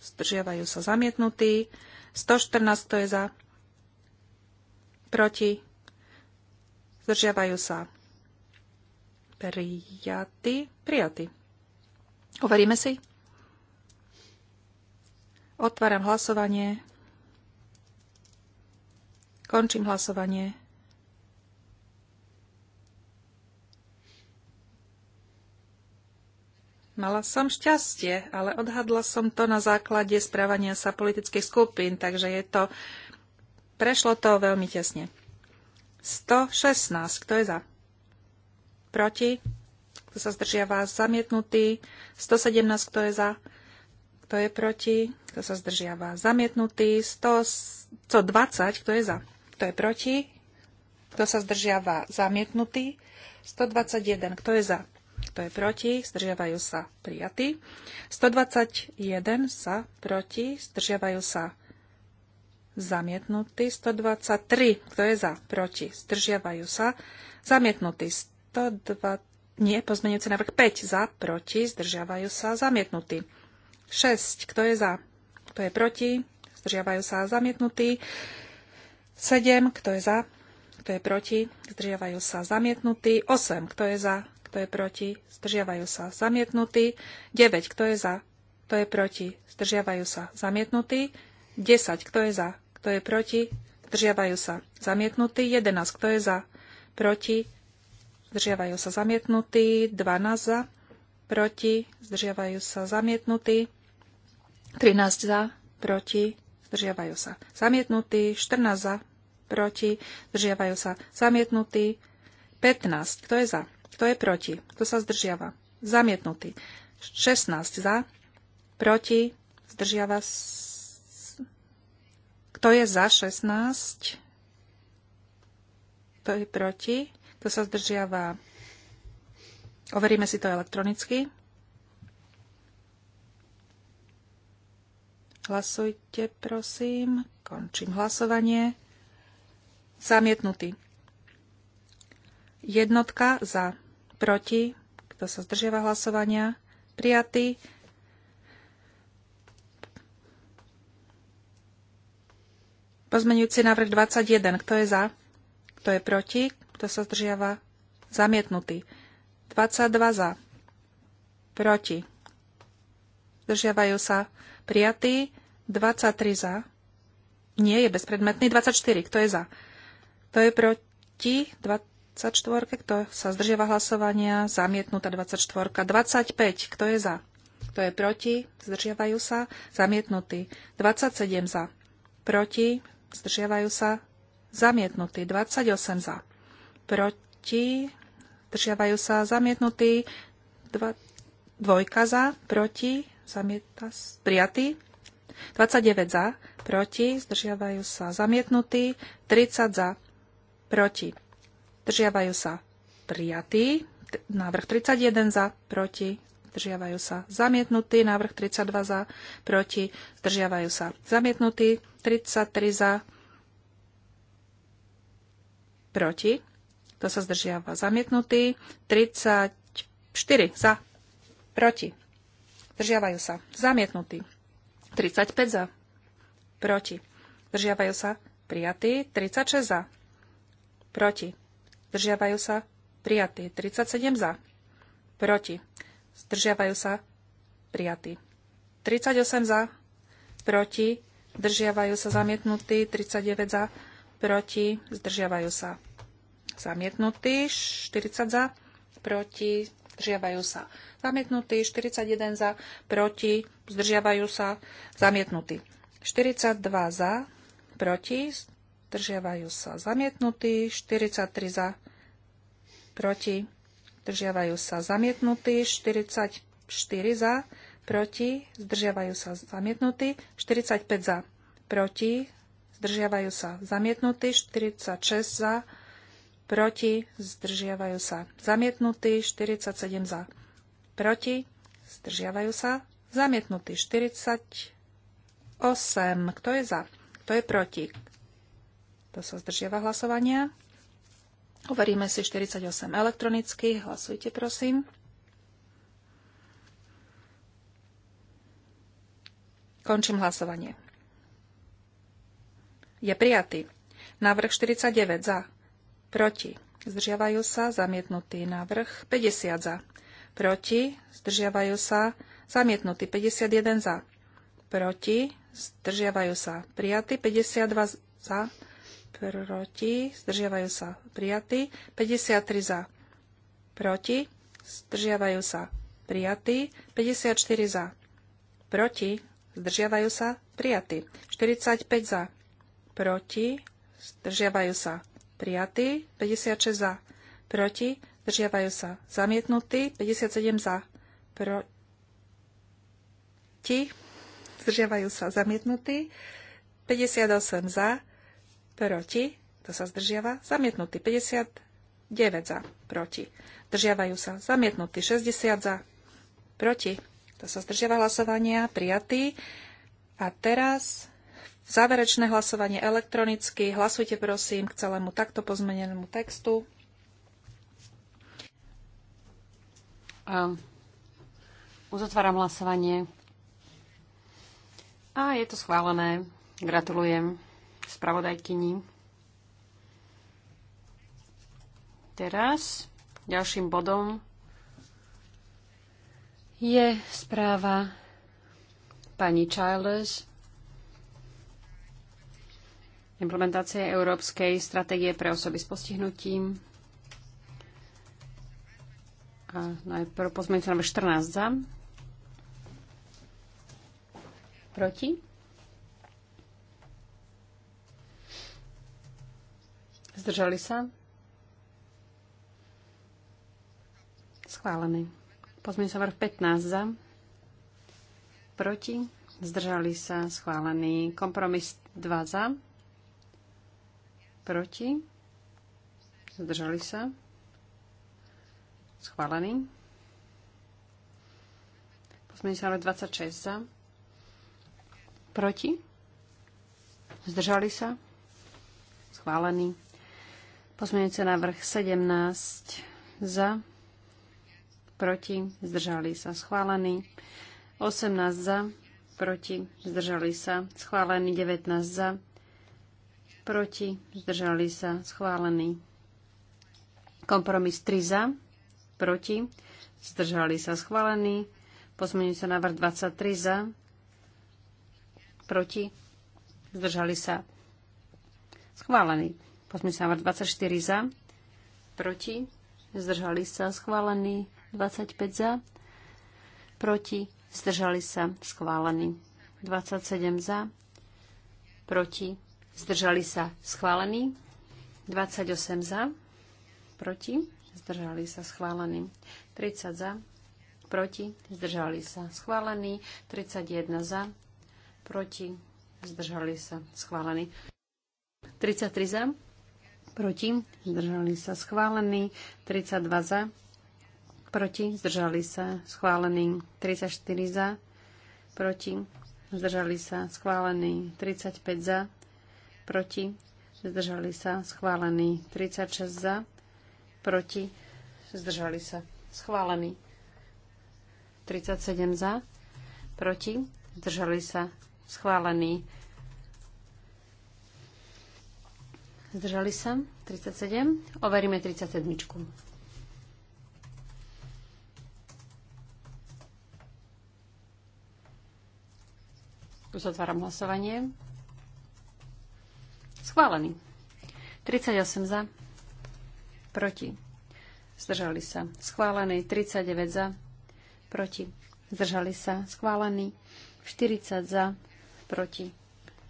Zdržiavajú sa. Zamietnutý. 114. Kto je za? Proti? Zdržiavajú sa. Prijatý. Prijatý. Overíme si. Otváram hlasovanie. Končím hlasovanie. Mala som šťastie, ale odhadla som to na základe správania sa politických skupín, takže je to... Prešlo to veľmi tesne. 116. Kto je za? Proti? Kto sa zdržiava? Zamietnutý. 117. Kto je za? Kto je proti? Kto sa zdržiava? Zamietnutý. 120. Kto je za? Kto je proti? Kto sa zdržiava? Zamietnutý. 121. Kto je za? kto je proti, zdržiavajú sa prijatí. 121 za, proti, zdržiavajú sa zamietnutí. 123, kto je za, proti, zdržiavajú sa zamietnutí. 102, nie, pozmenujúci návrh 5 za, proti, zdržiavajú sa zamietnutí. 6, kto je za, kto je proti, zdržiavajú sa zamietnutí. 7, kto je za, kto je proti, zdržiavajú sa zamietnutí. 8, kto je za, kto je proti, zdržiavajú sa zamietnutí. 9, kto je za, kto je proti, zdržiavajú sa zamietnutí. 10, kto je za, kto je proti, zdržiavajú sa zamietnutí. 11, kto je za, proti, zdržiavajú sa zamietnutí. 12 za, proti, zdržiavajú sa zamietnutí. 13 za, proti, zdržiavajú sa zamietnutí. 14 za, proti, zdržiavajú sa zamietnutí. 15. Kto je za? Kto je proti? Kto sa zdržiava? Zamietnutý. 16 za, proti, zdržiava. S... Kto je za 16? Kto je proti? Kto sa zdržiava? Overíme si to elektronicky. Hlasujte, prosím. Končím hlasovanie. Zamietnutý. Jednotka za proti, kto sa zdržiava hlasovania, prijatý. Pozmenujúci návrh 21. Kto je za? Kto je proti? Kto sa zdržiava? Zamietnutý. 22 za. Proti. Zdržiavajú sa. Prijatý. 23 za. Nie je bezpredmetný. 24. Kto je za? Kto je proti? 20 kto sa zdržiava hlasovania, zamietnutá 24. 25, kto je za, kto je proti, zdržiavajú sa, zamietnutý 27 za, proti, zdržiavajú sa, zamietnutý 28 za, proti, zdržiavajú sa, zamietnutý dvojka za, proti, zamieta, prijatý 29 za, proti, zdržiavajú sa, zamietnutý 30 za, proti Držiavajú sa prijatý. Návrh 31 za, proti. Zdržiavajú sa zamietnutý. Návrh 32 za, proti. Zdržiavajú sa zamietnutý. 33 za, proti. To sa zdržiava zamietnutý. 34 za, proti. Zdržiavajú sa zamietnutý. 35 za, proti. Zdržiavajú sa prijatý. 36 za, proti. Zdržiavajú sa? Prijatý. 37 za. Proti. Zdržiavajú sa? Prijatý. 38 za. Proti. Zdržiavajú sa zamietnutí. 39 za. Proti. Zdržiavajú sa zamietnutí. 40 za. Proti. Zdržiavajú sa zamietnutí. 41 za. Proti. Zdržiavajú sa zamietnutí. 42 za. Proti držiavajú sa zamietnutí, 43 za, proti, zdržiavajú sa zamietnutí, 44 za, proti, zdržiavajú sa zamietnutí, 45 za, proti, zdržiavajú sa zamietnutí, 46 za, proti, zdržiavajú sa zamietnutí, 47 za, proti, zdržiavajú sa zamietnutí, 48. Kto je za? Kto je proti? Kto sa zdržiava hlasovania? Overíme si 48 elektronicky. Hlasujte, prosím. Končím hlasovanie. Je prijatý. Návrh 49 za. Proti. Zdržiavajú sa. Zamietnutý návrh 50 za. Proti. Zdržiavajú sa. Zamietnutý 51 za. Proti. Zdržiavajú sa. Prijatý 52 za proti, zdržiavajú sa prijatí, 53 za, proti, zdržiavajú sa prijatí, 54 za, proti, zdržiavajú sa prijatí, 45 za, proti, zdržiavajú sa prijatí, 56 za, proti, zdržiavajú sa zamietnutí, 57 za, proti, zdržiavajú sa zamietnutí, 58 za, proti, to sa zdržiava, zamietnutý 59 za, proti, zdržiavajú sa, zamietnutý 60 za, proti, to sa zdržiava hlasovania, prijatý. A teraz záverečné hlasovanie elektronicky. Hlasujte prosím k celému takto pozmenenému textu. Uh, uzatváram hlasovanie. A je to schválené. Gratulujem spravodajkyni. Teraz ďalším bodom je správa pani Childers implementácia Európskej stratégie pre osoby s postihnutím. A najprv pozmeňte na 14 za. Proti? Zdržali sa? Schválený. Pozmeň sa vrch 15 za. Proti? Zdržali sa? Schválený. Kompromis 2 za. Proti? Zdržali sa? Schválený. Pozmeň sa vrch 26 za. Proti? Zdržali sa? Schválený. Pozmeňujúce návrh 17 za, proti, zdržali sa schválený. 18 za, proti, zdržali sa schválený. 19 za, proti, zdržali sa schválený. Kompromis 3 za, proti, zdržali sa schválený. Pozmeňujúci návrh 23 za, proti, zdržali sa schválený. Pozme sa 24 za, proti, zdržali sa schválený 25 za, proti, zdržali sa schválený 27 za, proti, zdržali sa schválený 28 za, proti, zdržali sa schválený 30 za, proti, zdržali sa schválený 31 za, proti, zdržali sa schválený 33 za, proti, zdržali sa schválení, 32 za, proti, zdržali sa schválení, 34 za, proti, zdržali sa schválení, 35 za, proti, zdržali sa schválení, 36 za, proti, zdržali sa schválení, 37 za, proti, zdržali sa schválení, Zdržali sa? 37. Overíme 37. Otváram hlasovanie. Schválený. 38 za. Proti. Zdržali sa. Schválený. 39 za. Proti. Zdržali sa. Schválený. 40 za. Proti.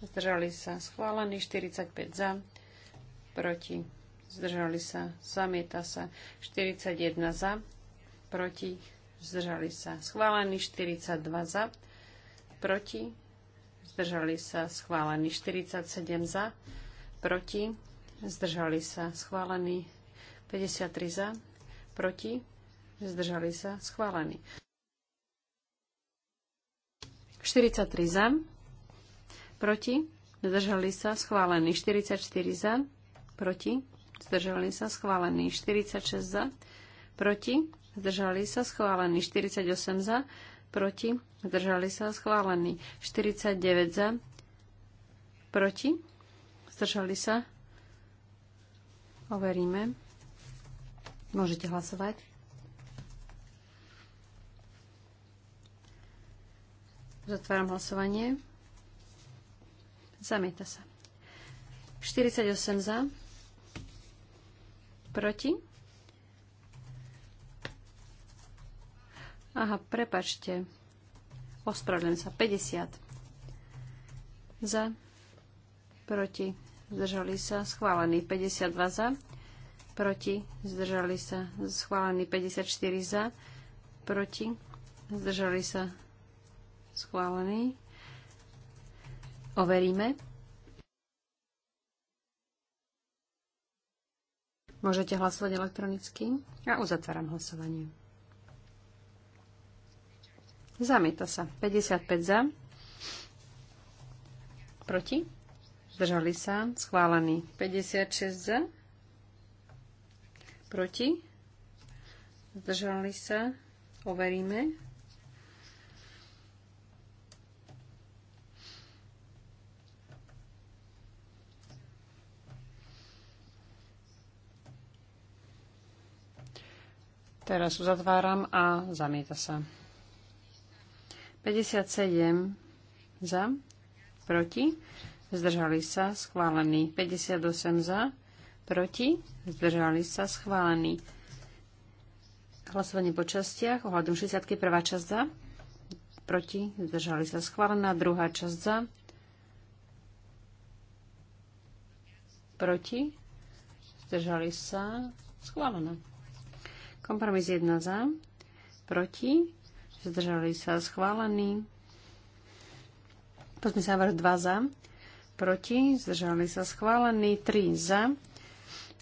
Zdržali sa. Schválený. 45 za proti, zdržali sa, zamieta sa, 41 za, proti, zdržali sa, schválený 42 za, proti, zdržali sa, schválený 47 za, proti, zdržali sa, schválený 53 za, proti, zdržali sa, schválený. 43 za, proti, zdržali sa, schválený. 44 za, proti, zdržali sa schválení 46 za, proti, zdržali sa schválení 48 za, proti, zdržali sa schválení 49 za, proti, zdržali sa, overíme, môžete hlasovať. Zatváram hlasovanie. Zamieta sa. 48 za, Proti? Aha, prepačte. Ospravedlňujem sa. 50. Za. Proti. Zdržali sa. Schválený. 52 za. Proti. Zdržali sa. Schválený. 54 za. Proti. Zdržali sa. Schválený. Overíme. Môžete hlasovať elektronicky. ja uzatváram hlasovanie. Zamieta sa. 55 za. Proti? Zdržali sa. Schválený. 56 za. Proti? Zdržali sa. Overíme. Teraz uzatváram a zamieta sa. 57 za, proti, zdržali sa, schválený. 58 za, proti, zdržali sa, schválený. Hlasovanie po častiach, ohľadom 60 prvá časť za, proti, zdržali sa, schválená, druhá časť za, proti, zdržali sa, schválená. Kompromis 1 za, proti, zdržali sa schválený. Poďme sa 2 za, proti, zdržali sa schválení, 3 za,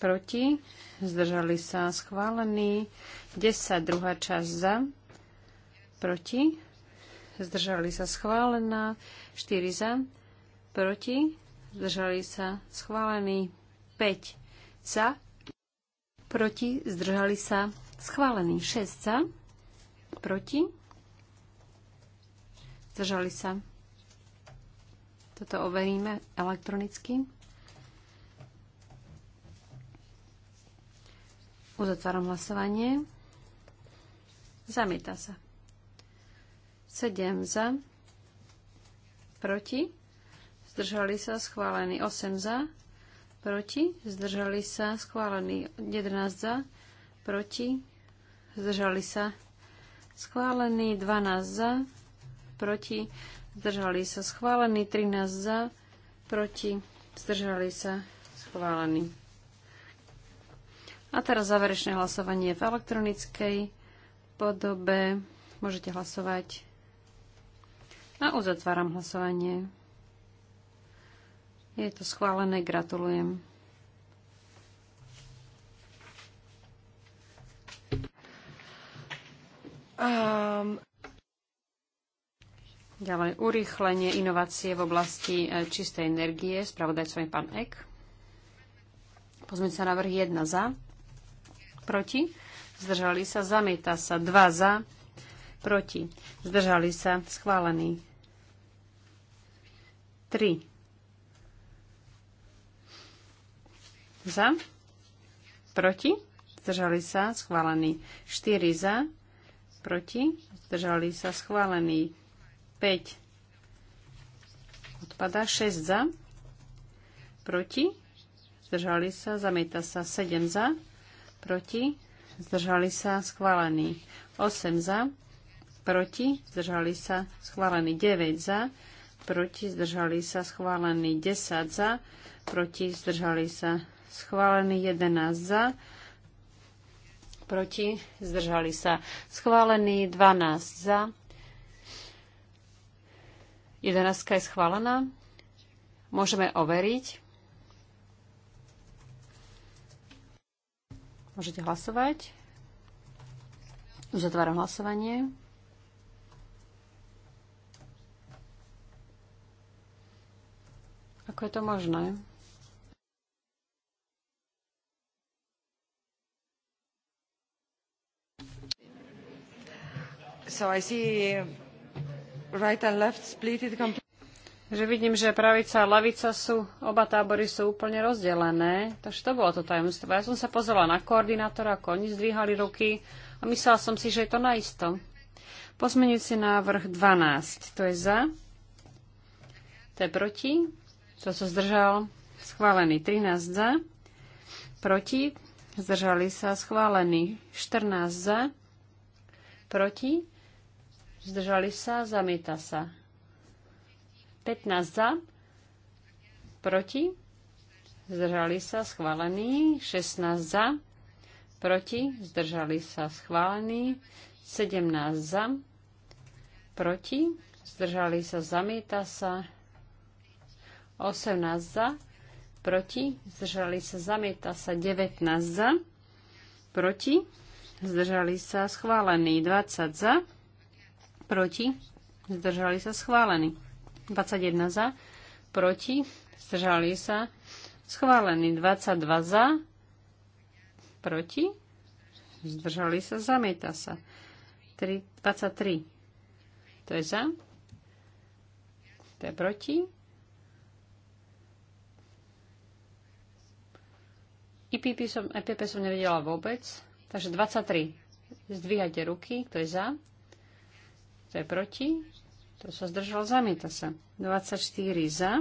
proti, zdržali sa schválení, 10 druhá časť za, proti, zdržali sa schválená. 4 za, proti, zdržali sa schválení, 5 za, proti, zdržali sa Schválený 6 za, proti. Zdržali sa. Toto overíme elektronicky. Uzatváram hlasovanie. Zamieta sa. 7 za, proti. Zdržali sa, schválený 8 za, proti. Zdržali sa, schválený 11 za, proti zdržali sa schválený, 12 za, proti, zdržali sa schválený, 13 za, proti, zdržali sa schválený. A teraz záverečné hlasovanie v elektronickej podobe. Môžete hlasovať. A uzatváram hlasovanie. Je to schválené, gratulujem. Um, Ďalej, urýchlenie inovácie v oblasti e, čistej energie. Spravodajcom je pán Ek. Pozmeň sa návrh 1 za, proti, zdržali sa, zamieta sa 2 za, proti, zdržali sa, schválený 3 za, proti, zdržali sa, schválený 4 za, proti, zdržali sa schválení, 5, odpada 6 za, proti, zdržali sa, zamieta sa 7 za, proti, zdržali sa, schválení, 8 za, proti, zdržali sa, schválení, 9 za, proti, zdržali sa, schválení 10 za, proti, zdržali sa, schválení 11 za, proti, zdržali sa schválený, 12 za. 11 je schválená. Môžeme overiť. Môžete hlasovať. Uzatváram hlasovanie. Ako je to možné? že vidím, že pravica a lavica sú, oba tábory sú úplne rozdelené, takže to bolo to tajomstvo. Ja som sa pozrela na koordinátora, ako oni zdvíhali ruky a myslela som si, že je to naisto. si návrh 12, to je za, to je proti, to sa zdržal, schválený 13 za, proti, zdržali sa, schválený 14 za, proti, zdržali sa, zamieta sa. 15 za, proti, zdržali sa, schválený. 16 za, proti, zdržali sa, schválený. 17 za, proti, zdržali sa, zamieta sa. 18 za, proti, zdržali sa, zamieta sa 19 za, proti, zdržali sa, schválený 20 za, proti, zdržali sa schválení. 21 za, proti, zdržali sa schválení. 22 za, proti, zdržali sa, zamieta sa. 3, 23, to je za, to je proti. IPP som, IPP e som nevedela vôbec, takže 23. Zdvíhajte ruky, kto je za, kto je proti? to sa zdržalo Zamieta sa. 24 za.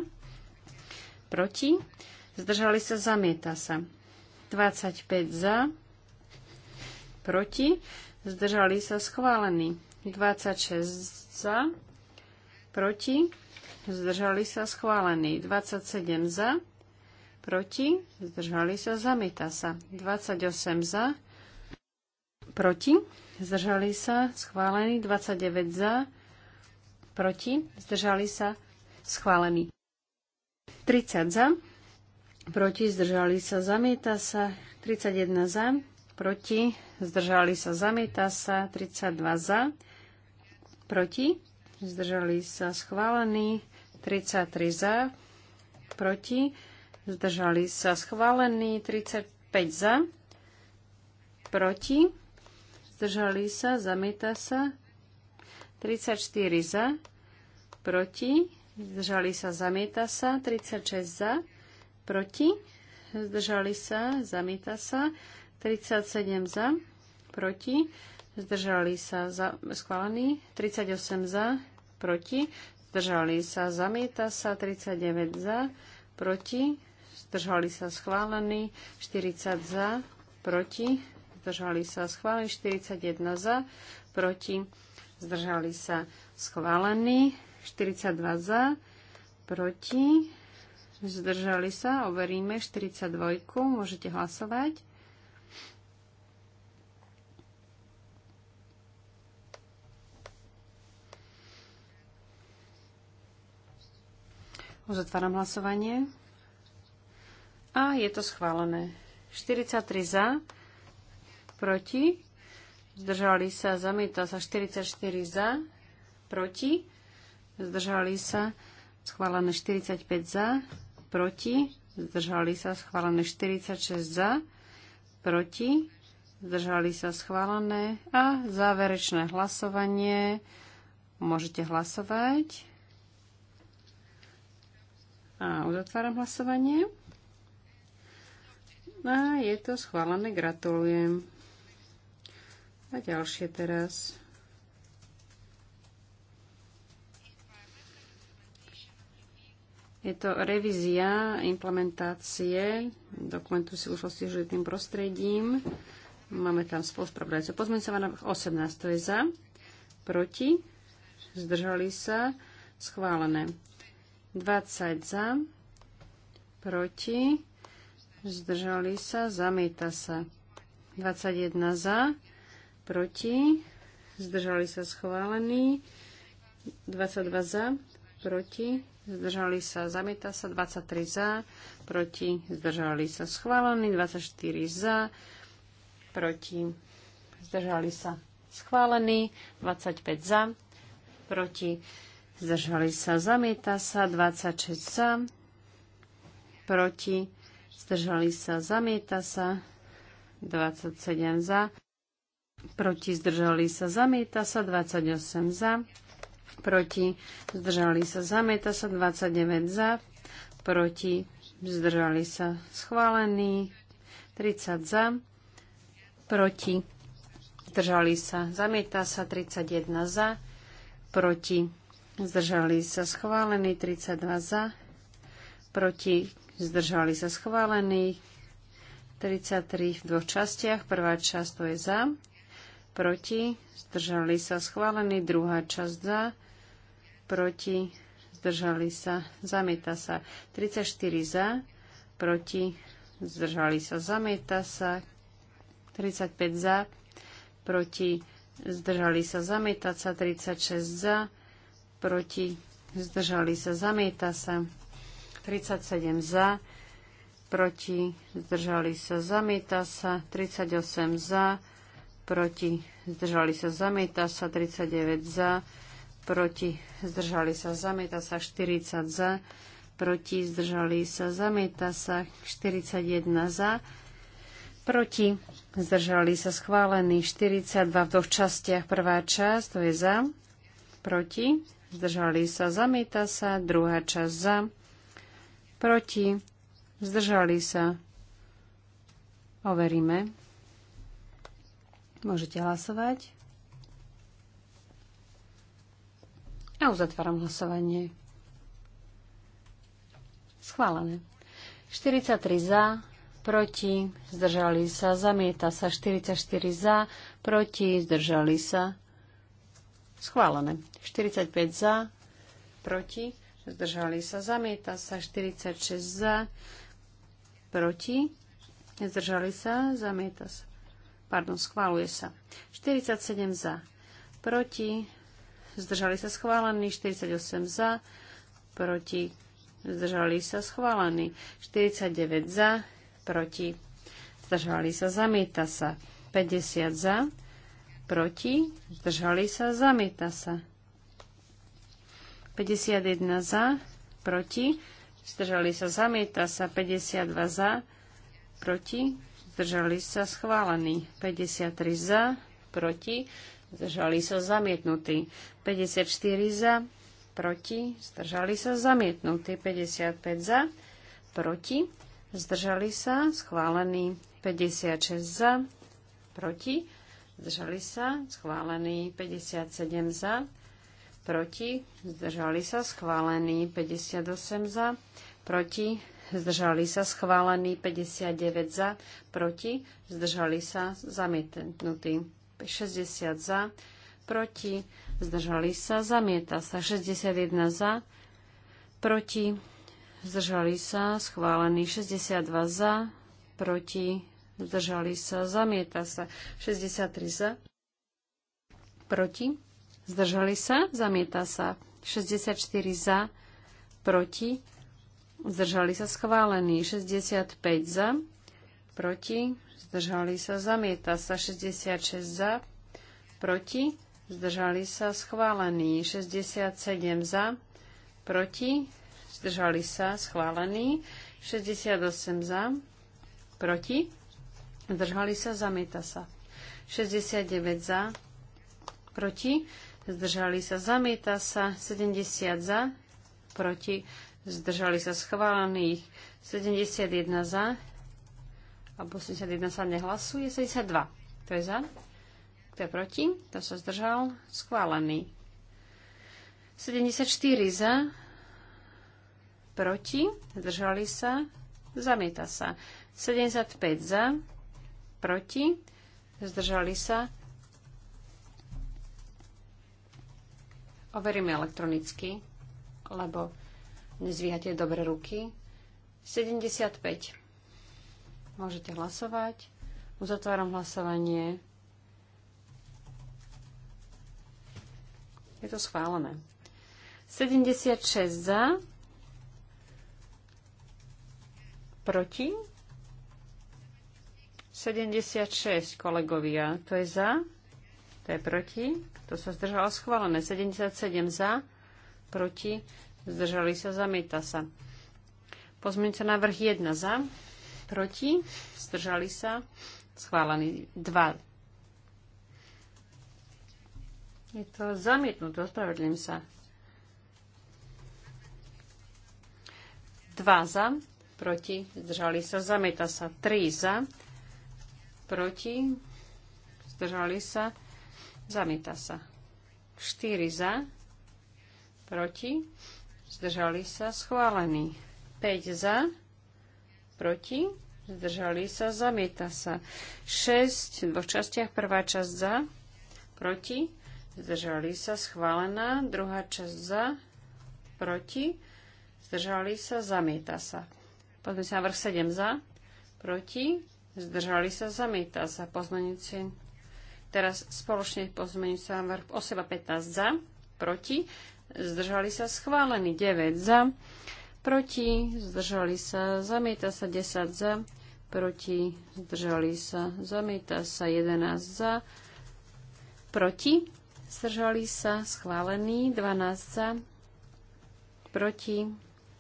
Proti? Zdržali sa? Zamieta sa. 25 za. Proti? Zdržali sa? Schválený. 26 za. Proti? Zdržali sa? Schválený. 27 za. Proti? Zdržali sa? Zamieta sa. 28 za proti, zdržali sa, schválený. 29 za, proti, zdržali sa, schválený. 30 za, proti, zdržali sa, zamieta sa, 31 za, proti, zdržali sa, zamieta sa, 32 za, proti, zdržali sa, schválený, 33 za, proti, zdržali sa, schválený, 35 za, proti, zdržali sa, zamieta sa. 34 za, proti, zdržali sa, zamieta sa. 36 za, proti, zdržali sa, zamieta sa. 37 za, proti, zdržali sa, za, schválený. 38 za, proti, zdržali sa, zamieta sa. 39 za, proti, zdržali sa, schválený. 40 za, proti, zdržali sa schválení 41 za, proti, zdržali sa schválení 42 za, proti, zdržali sa, overíme 42, môžete hlasovať. Uzatváram hlasovanie. A je to schválené. 43 za, proti, zdržali sa, zamietal sa 44 za, proti, zdržali sa, schválené 45 za, proti, zdržali sa, schválené 46 za, proti, zdržali sa, schválené a záverečné hlasovanie. Môžete hlasovať. A uzatváram hlasovanie. A je to schválené. Gratulujem. A ďalšie teraz. Je to revízia implementácie dokumentu si už s životným prostredím. Máme tam spolupravdajúce pozmeňovaných 18, to je za, proti, zdržali sa, schválené. 20 za, proti, zdržali sa, zamieta sa. 21 za, proti, zdržali sa schválení, 22 za, proti, zdržali sa, zamieta sa, 23 za, proti, zdržali sa, schválení, 24 za, proti, zdržali sa, schválení, 25 za, proti, zdržali sa, zamieta sa, 26 za, proti, zdržali sa, zamieta sa, 27 za, proti zdržali sa, zamieta sa 28 za, proti zdržali sa, zamieta sa 29 za, proti zdržali sa, schválený 30 za, proti zdržali sa, zamieta sa 31 za, proti zdržali sa, schválený 32 za, proti zdržali sa, schválený 33 v dvoch častiach, prvá časť to je za, proti, zdržali sa schválený, druhá časť za, proti, zdržali sa, zamieta sa, 34 za, proti, zdržali sa, zamieta sa, 35 za, proti, zdržali sa, zamieta sa, 36 za, proti, zdržali sa, zamieta sa, 37 za, proti, zdržali sa, zamieta sa, 38 za, proti, zdržali sa, zamieta sa, 39 za, proti, zdržali sa, zamieta sa, 40 za, proti, zdržali sa, zamieta sa, 41 za, proti, zdržali sa, schválený, 42 v dvoch častiach, prvá časť, to je za, proti, zdržali sa, zamieta sa, druhá časť za, proti, zdržali sa, overíme. Môžete hlasovať. A uzatváram hlasovanie. Schválené. 43 za, proti, zdržali sa, zamieta sa 44 za, proti, zdržali sa. Schválené. 45 za, proti, zdržali sa, zamieta sa 46 za, proti, zdržali sa, zamieta sa. Pardon, schváluje sa. 47 za. Proti. Zdržali sa schválení. 48 za. Proti. Zdržali sa schválení. 49 za. Proti. Zdržali sa. Zamieta sa. 50 za. Proti. Zdržali sa. Zamieta sa. 51 za. Proti. Zdržali sa. Zamieta sa. 52 za. Proti zdržali sa schválení. 53 za, proti, zdržali sa zamietnutí. 54 za, proti, zdržali sa zamietnutí. 55 za, proti, zdržali sa schválení. 56 za, proti, zdržali sa schválení. 57 za, proti, zdržali sa schválení. 58 za, proti, zdržali sa, schválený 59 za, proti, zdržali sa, zamietnutý 60 za, proti, zdržali sa, zamieta sa 61 za, proti, zdržali sa, schválený 62 za, proti, zdržali sa, zamieta sa 63 za, proti, zdržali sa, zamieta sa 64 za, proti, zdržali sa schválení, 65 za, proti, zdržali sa, zamieta sa 66 za, proti, zdržali sa, schválení 67 za, proti, zdržali sa, schválení 68 za, proti, zdržali sa, zamieta sa 69 za, proti, zdržali sa, zamieta sa 70 za, proti, zdržali sa schválených 71 za, alebo 81 sa nehlasuje, 72. Kto je za, Kto je proti, to sa zdržal, schválený. 74 za, proti, zdržali sa, zamieta sa. 75 za, proti, zdržali sa. Overíme elektronicky, lebo Nezvíhate dobre ruky. 75. Môžete hlasovať. Uzatváram hlasovanie. Je to schválené. 76 za. Proti. 76, kolegovia. To je za. To je proti. To sa zdržalo schválené. 77 za. Proti zdržali sa, zamieta sa. Pozmeňujúci návrh 1 za, proti, zdržali sa, schválený 2. Je to zamietnuté, ospravedlím sa. 2 za, proti, zdržali sa, zamieta sa. 3 za, proti, zdržali sa, zamieta sa. 4 za, proti, zdržali sa, schválený. 5 za, proti, zdržali sa, zamieta sa. 6 v dvoch častiach, prvá časť za, proti, zdržali sa, schválená, druhá časť za, proti, zdržali sa, zamieta sa. Pozme sa návrh 7 za, proti, zdržali sa, zamieta sa. Pozmenujúci Teraz spoločne pozmením sa vrch 8 a 15 za, proti, zdržali sa schválený 9 za, proti, zdržali sa, zamieta sa 10 za, proti, zdržali sa, zamieta sa 11 za, proti, zdržali sa, schválený 12 za, proti,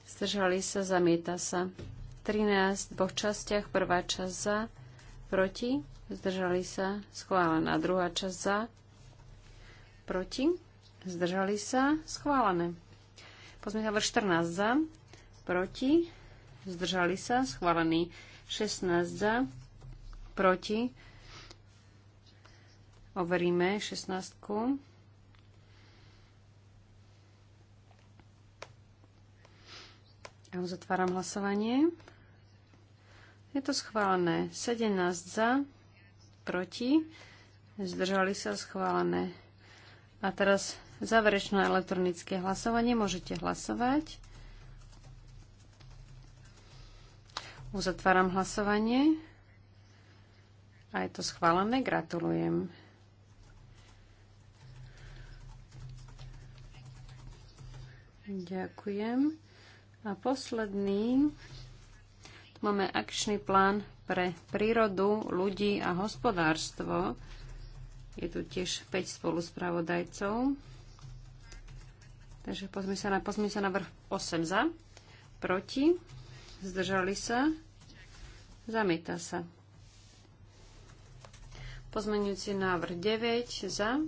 zdržali sa, zamieta sa 13 v dvoch častiach, prvá časť za, proti, zdržali sa, schválená druhá časť za, proti, Zdržali sa? Schválené. Pozmeňovací návrh 14 za, proti, zdržali sa, schválený 16 za, proti, overíme 16. -ku. A uzatváram hlasovanie. Je to schválené 17 za, proti, zdržali sa, schválené. A teraz Záverečné elektronické hlasovanie. Môžete hlasovať. Uzatváram hlasovanie. A je to schválené. Gratulujem. Ďakujem. A posledný. Tu máme akčný plán pre prírodu, ľudí a hospodárstvo. Je tu tiež 5 spoluspravodajcov. Takže pozme sa na, pozme sa na vrch 8 za, proti, zdržali sa, zamieta sa. Pozmeňujúci návrh 9 za,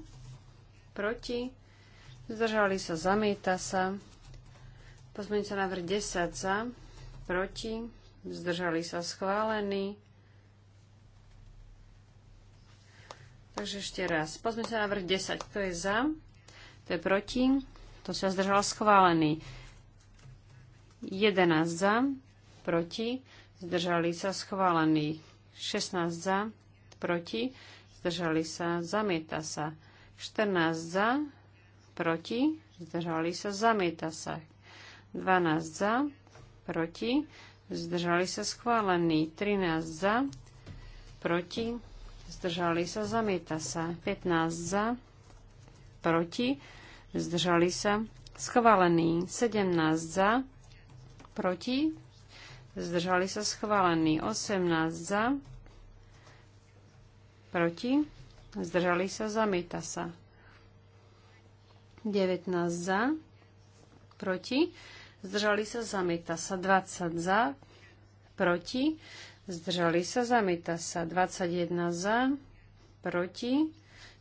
proti, zdržali sa, zamieta sa. Pozmeňujúci návrh 10 za, proti, zdržali sa, schválený. Takže ešte raz. Pozmeňujúci návrh 10. Kto je za? to je proti? to sa zdržal schválený. 11 za, proti, zdržali sa schválený. 16 za, proti, zdržali sa, zamieta sa. 14 za, proti, zdržali sa, zamieta sa. 12 za, proti, zdržali sa schválený. 13 za, proti, zdržali sa, zamieta sa, 15 za, proti, zdržali sa, schválený 17 za, proti, zdržali sa, schválený 18 za, proti, zdržali sa, zamieta sa. 19 za, proti, zdržali sa, zamieta sa. 20 za, proti, zdržali sa, zamieta sa. 21 za, proti,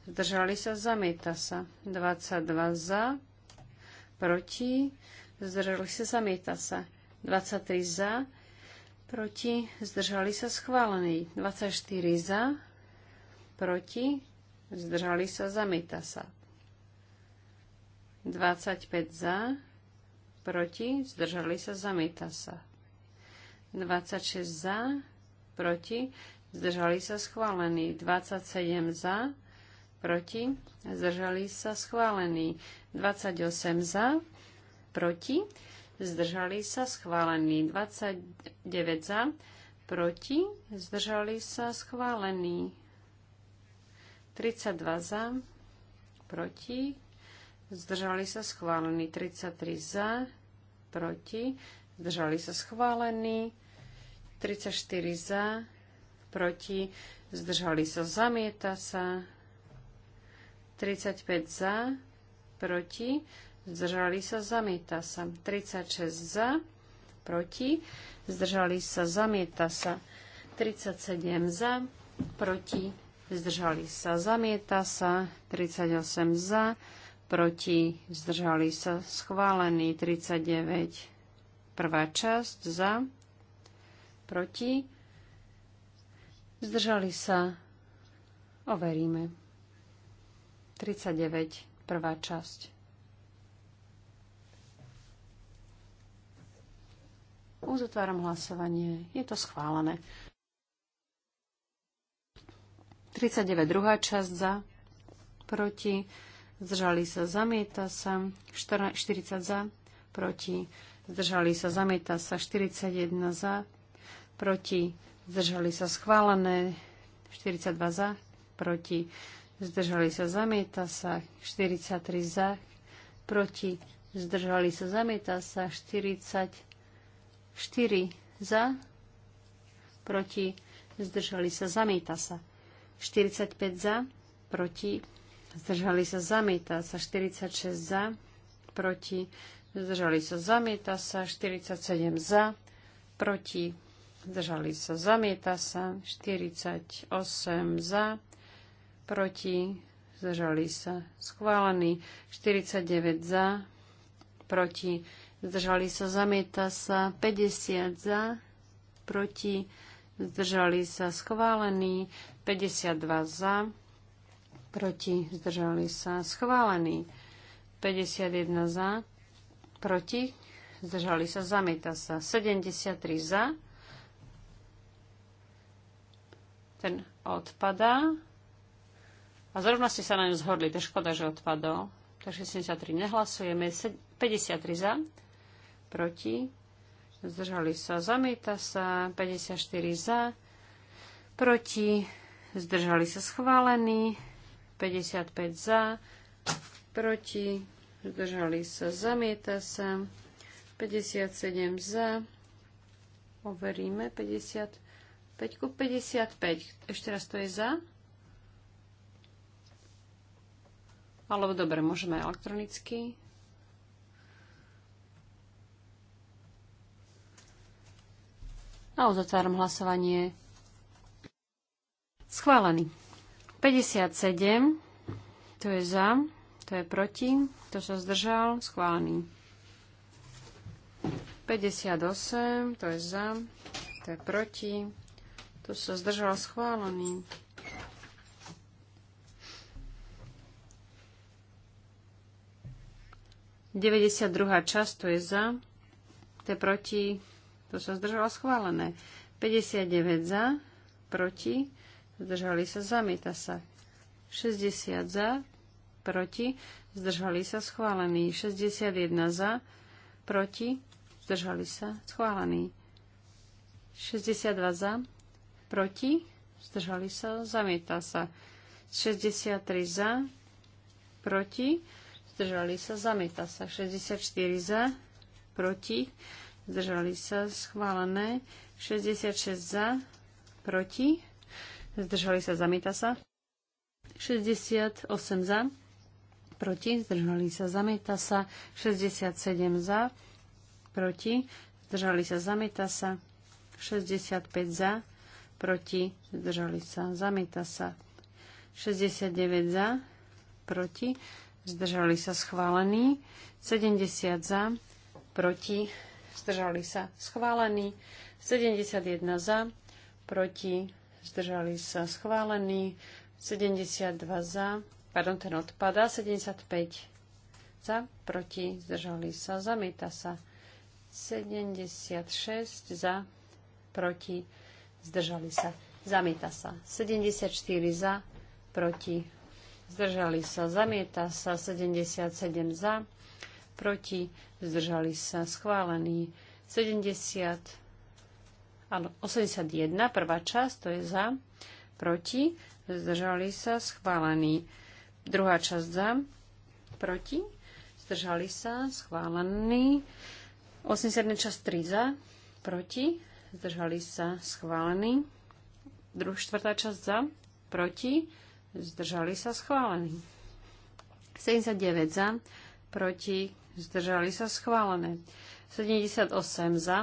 zdržali sa, zamieta sa. 22 za, proti, zdržali sa, zamieta sa. 23 za, proti, zdržali sa, schválený. 24 za, proti, zdržali sa, zamieta sa. 25 za, proti, zdržali sa, zamieta sa. 26 za, proti, zdržali sa, schválený. 27 za, proti, zdržali sa schválení. 28 za, proti, zdržali sa schválení. 29 za, proti, zdržali sa schválení. 32 za, proti, zdržali sa schválení. 33 za, proti, zdržali sa schválení. 34 za, proti, zdržali sa, zamieta sa. 35 za, proti, zdržali sa, zamieta sa. 36 za, proti, zdržali sa, zamieta sa. 37 za, proti, zdržali sa, zamieta sa. 38 za, proti, zdržali sa, schválený. 39, prvá časť, za, proti, zdržali sa, overíme. 39, prvá časť. Uzatváram hlasovanie. Je to schválené. 39. druhá časť za, proti, zdržali sa, zamieta sa, 40 za, proti, zdržali sa, zamieta sa, 41 za, proti, zdržali sa, schválené, 42 za, proti, zdržali sa, zamieta sa, 43 za, proti, zdržali sa, zamieta sa, 44 za, proti, zdržali sa, zamieta sa, 45 za, proti, zdržali sa, zamieta sa, 46 za, proti, zdržali sa, zamieta sa, 47 za, proti, zdržali sa, zamieta sa, 48 za, proti, zdržali sa schválený, 49 za, proti, zdržali sa, zamieta sa, 50 za, proti, zdržali sa, schválený, 52 za, proti, zdržali sa, schválený, 51 za, proti, zdržali sa, zamieta sa, 73 za, ten odpadá, a zrovna ste sa na ňu zhodli, to škoda, že odpadol. Takže 63 nehlasujeme, 53 za, proti, zdržali sa, zamieta sa, 54 za, proti, zdržali sa schválení, 55 za, proti, zdržali sa, zamieta sa, 57 za, overíme, 55 55, ešte raz to je za, Alebo dobre, môžeme elektronicky. A uzatváram hlasovanie. Schválený. 57. To je za. To je proti. To sa zdržal. Schválený. 58. To je za. To je proti. To sa zdržal. Schválený. 92. časť, to je za, to je proti, to sa zdržalo schválené. 59 za, proti, zdržali sa, zamieta sa. 60 za, proti, zdržali sa, schválený. 61 za, proti, zdržali sa, schválený. 62 za, proti, zdržali sa, zamieta sa. 63 za, proti, zdržali sa, zamieta sa. 64 za, proti, zdržali sa, schválené. 66 za, proti, zdržali sa, zamieta sa. 68 za, proti, zdržali sa, zamieta sa. 67 za, proti, zdržali sa, zamieta sa. 65 za, proti, zdržali sa, zamieta sa. 69 za, proti, zdržali sa schválení, 70 za, proti, zdržali sa schválení, 71 za, proti, zdržali sa schválení, 72 za, pardon, ten odpada, 75 za, proti, zdržali sa, zamieta sa, 76 za, proti, zdržali sa, zamieta sa, 74 za, proti, zdržali sa, zamieta sa 77 za, proti, zdržali sa, schválený 70, áno, 81, prvá časť, to je za, proti, zdržali sa, schválený, druhá časť za, proti, zdržali sa, schválený, 81 časť 3 za, proti, zdržali sa, schválený, druhá, čtvrtá časť za, proti, zdržali sa schválený. 79 za, proti, zdržali sa schválené. 78 za,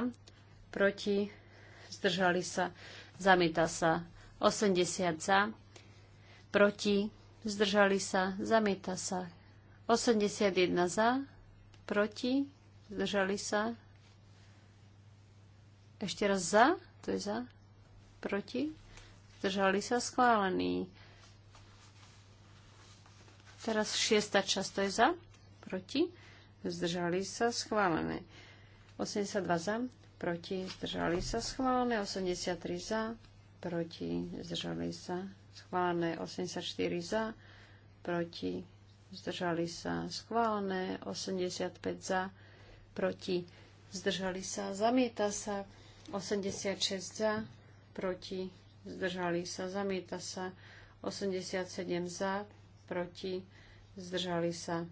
proti, zdržali sa, zamieta sa. 80 za, proti, zdržali sa, zamieta sa. 81 za, proti, zdržali sa. Ešte raz za, to je za, proti, zdržali sa, schválený. Teraz šiesta časť, to je za, proti, zdržali sa, schválené. 82 za, proti, zdržali sa, schválené. 83 za, proti, zdržali sa, schválené. 84 za, proti, zdržali sa, schválené. 85 za, proti, zdržali sa, zamieta sa. 86 za, proti, zdržali sa, zamieta sa. 87 za, proti, zdržali sa.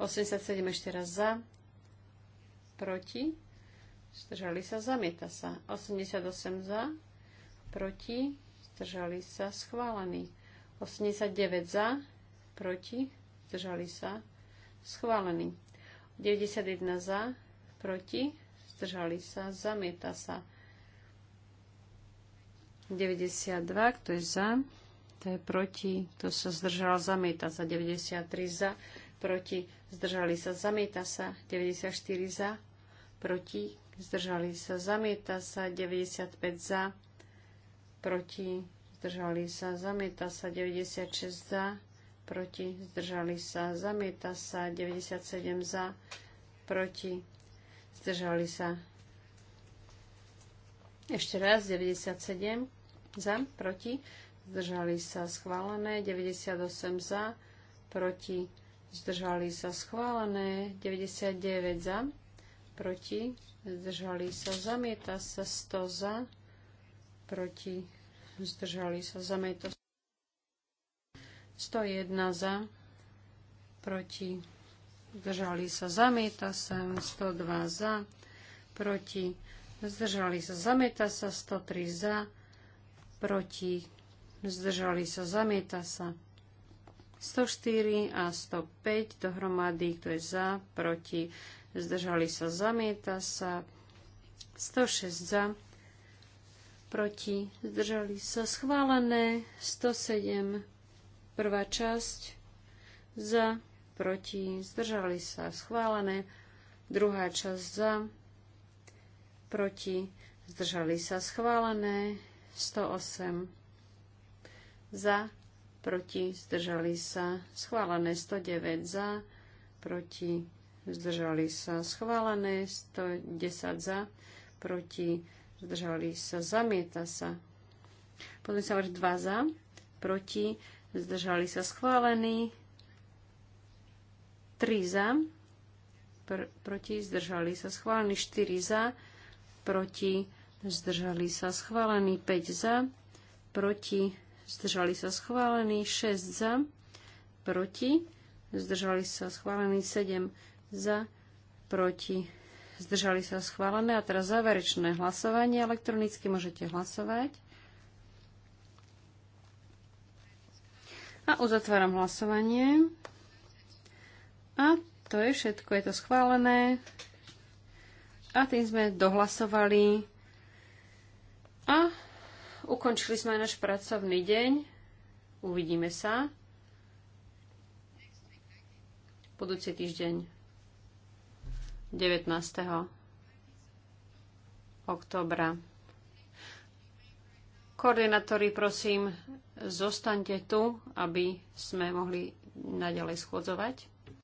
87 ešte raz za, proti, zdržali sa, zamieta sa. 88 za, proti, zdržali sa, schválený. 89 za, proti, zdržali sa, schválený. 91 za, proti, zdržali sa, zamieta sa. 92, kto je za, to je proti, to sa zdržal, zamieta sa, 93 za, proti, zdržali sa, zamieta sa, 94 za, proti, zdržali sa, zamieta sa, 95 za, proti, zdržali sa, zamieta sa, 96 za, proti, zdržali sa, zamieta sa, 97 za, proti, zdržali sa. Ešte raz, 97 za, proti, zdržali sa schválené, 98 za, proti, zdržali sa schválené, 99 za, proti, zdržali sa, zamieta sa 100 za, proti, zdržali sa, zamieta sa 101 za, proti, zdržali sa, zamieta sa 102 za, proti, zdržali sa, zamieta sa 103 za, proti, zdržali sa, zamieta sa. 104 a 105 dohromady, kto je za, proti, zdržali sa, zamieta sa. 106 za, proti, zdržali sa, schválené. 107, prvá časť, za, proti, zdržali sa, schválené. Druhá časť za, proti, zdržali sa, schválené. 108 za, proti, zdržali sa, schválené 109 za, proti, zdržali sa, schválené 110 za, proti, zdržali sa, zamieta sa. Potom sa vrch 2 za, proti, zdržali sa, schválený 3 za, pr- proti, zdržali sa, schválený 4 za, proti, zdržali sa, schválený 5 za, proti, zdržali sa schválení 6 za, proti, zdržali sa schválení 7 za, proti, zdržali sa schválené. A teraz záverečné hlasovanie. Elektronicky môžete hlasovať. A uzatváram hlasovanie. A to je všetko, je to schválené. A tým sme dohlasovali. A Ukončili sme náš pracovný deň. Uvidíme sa. Budúci týždeň 19. oktobra. Koordinátori, prosím, zostaňte tu, aby sme mohli naďalej schôdzovať.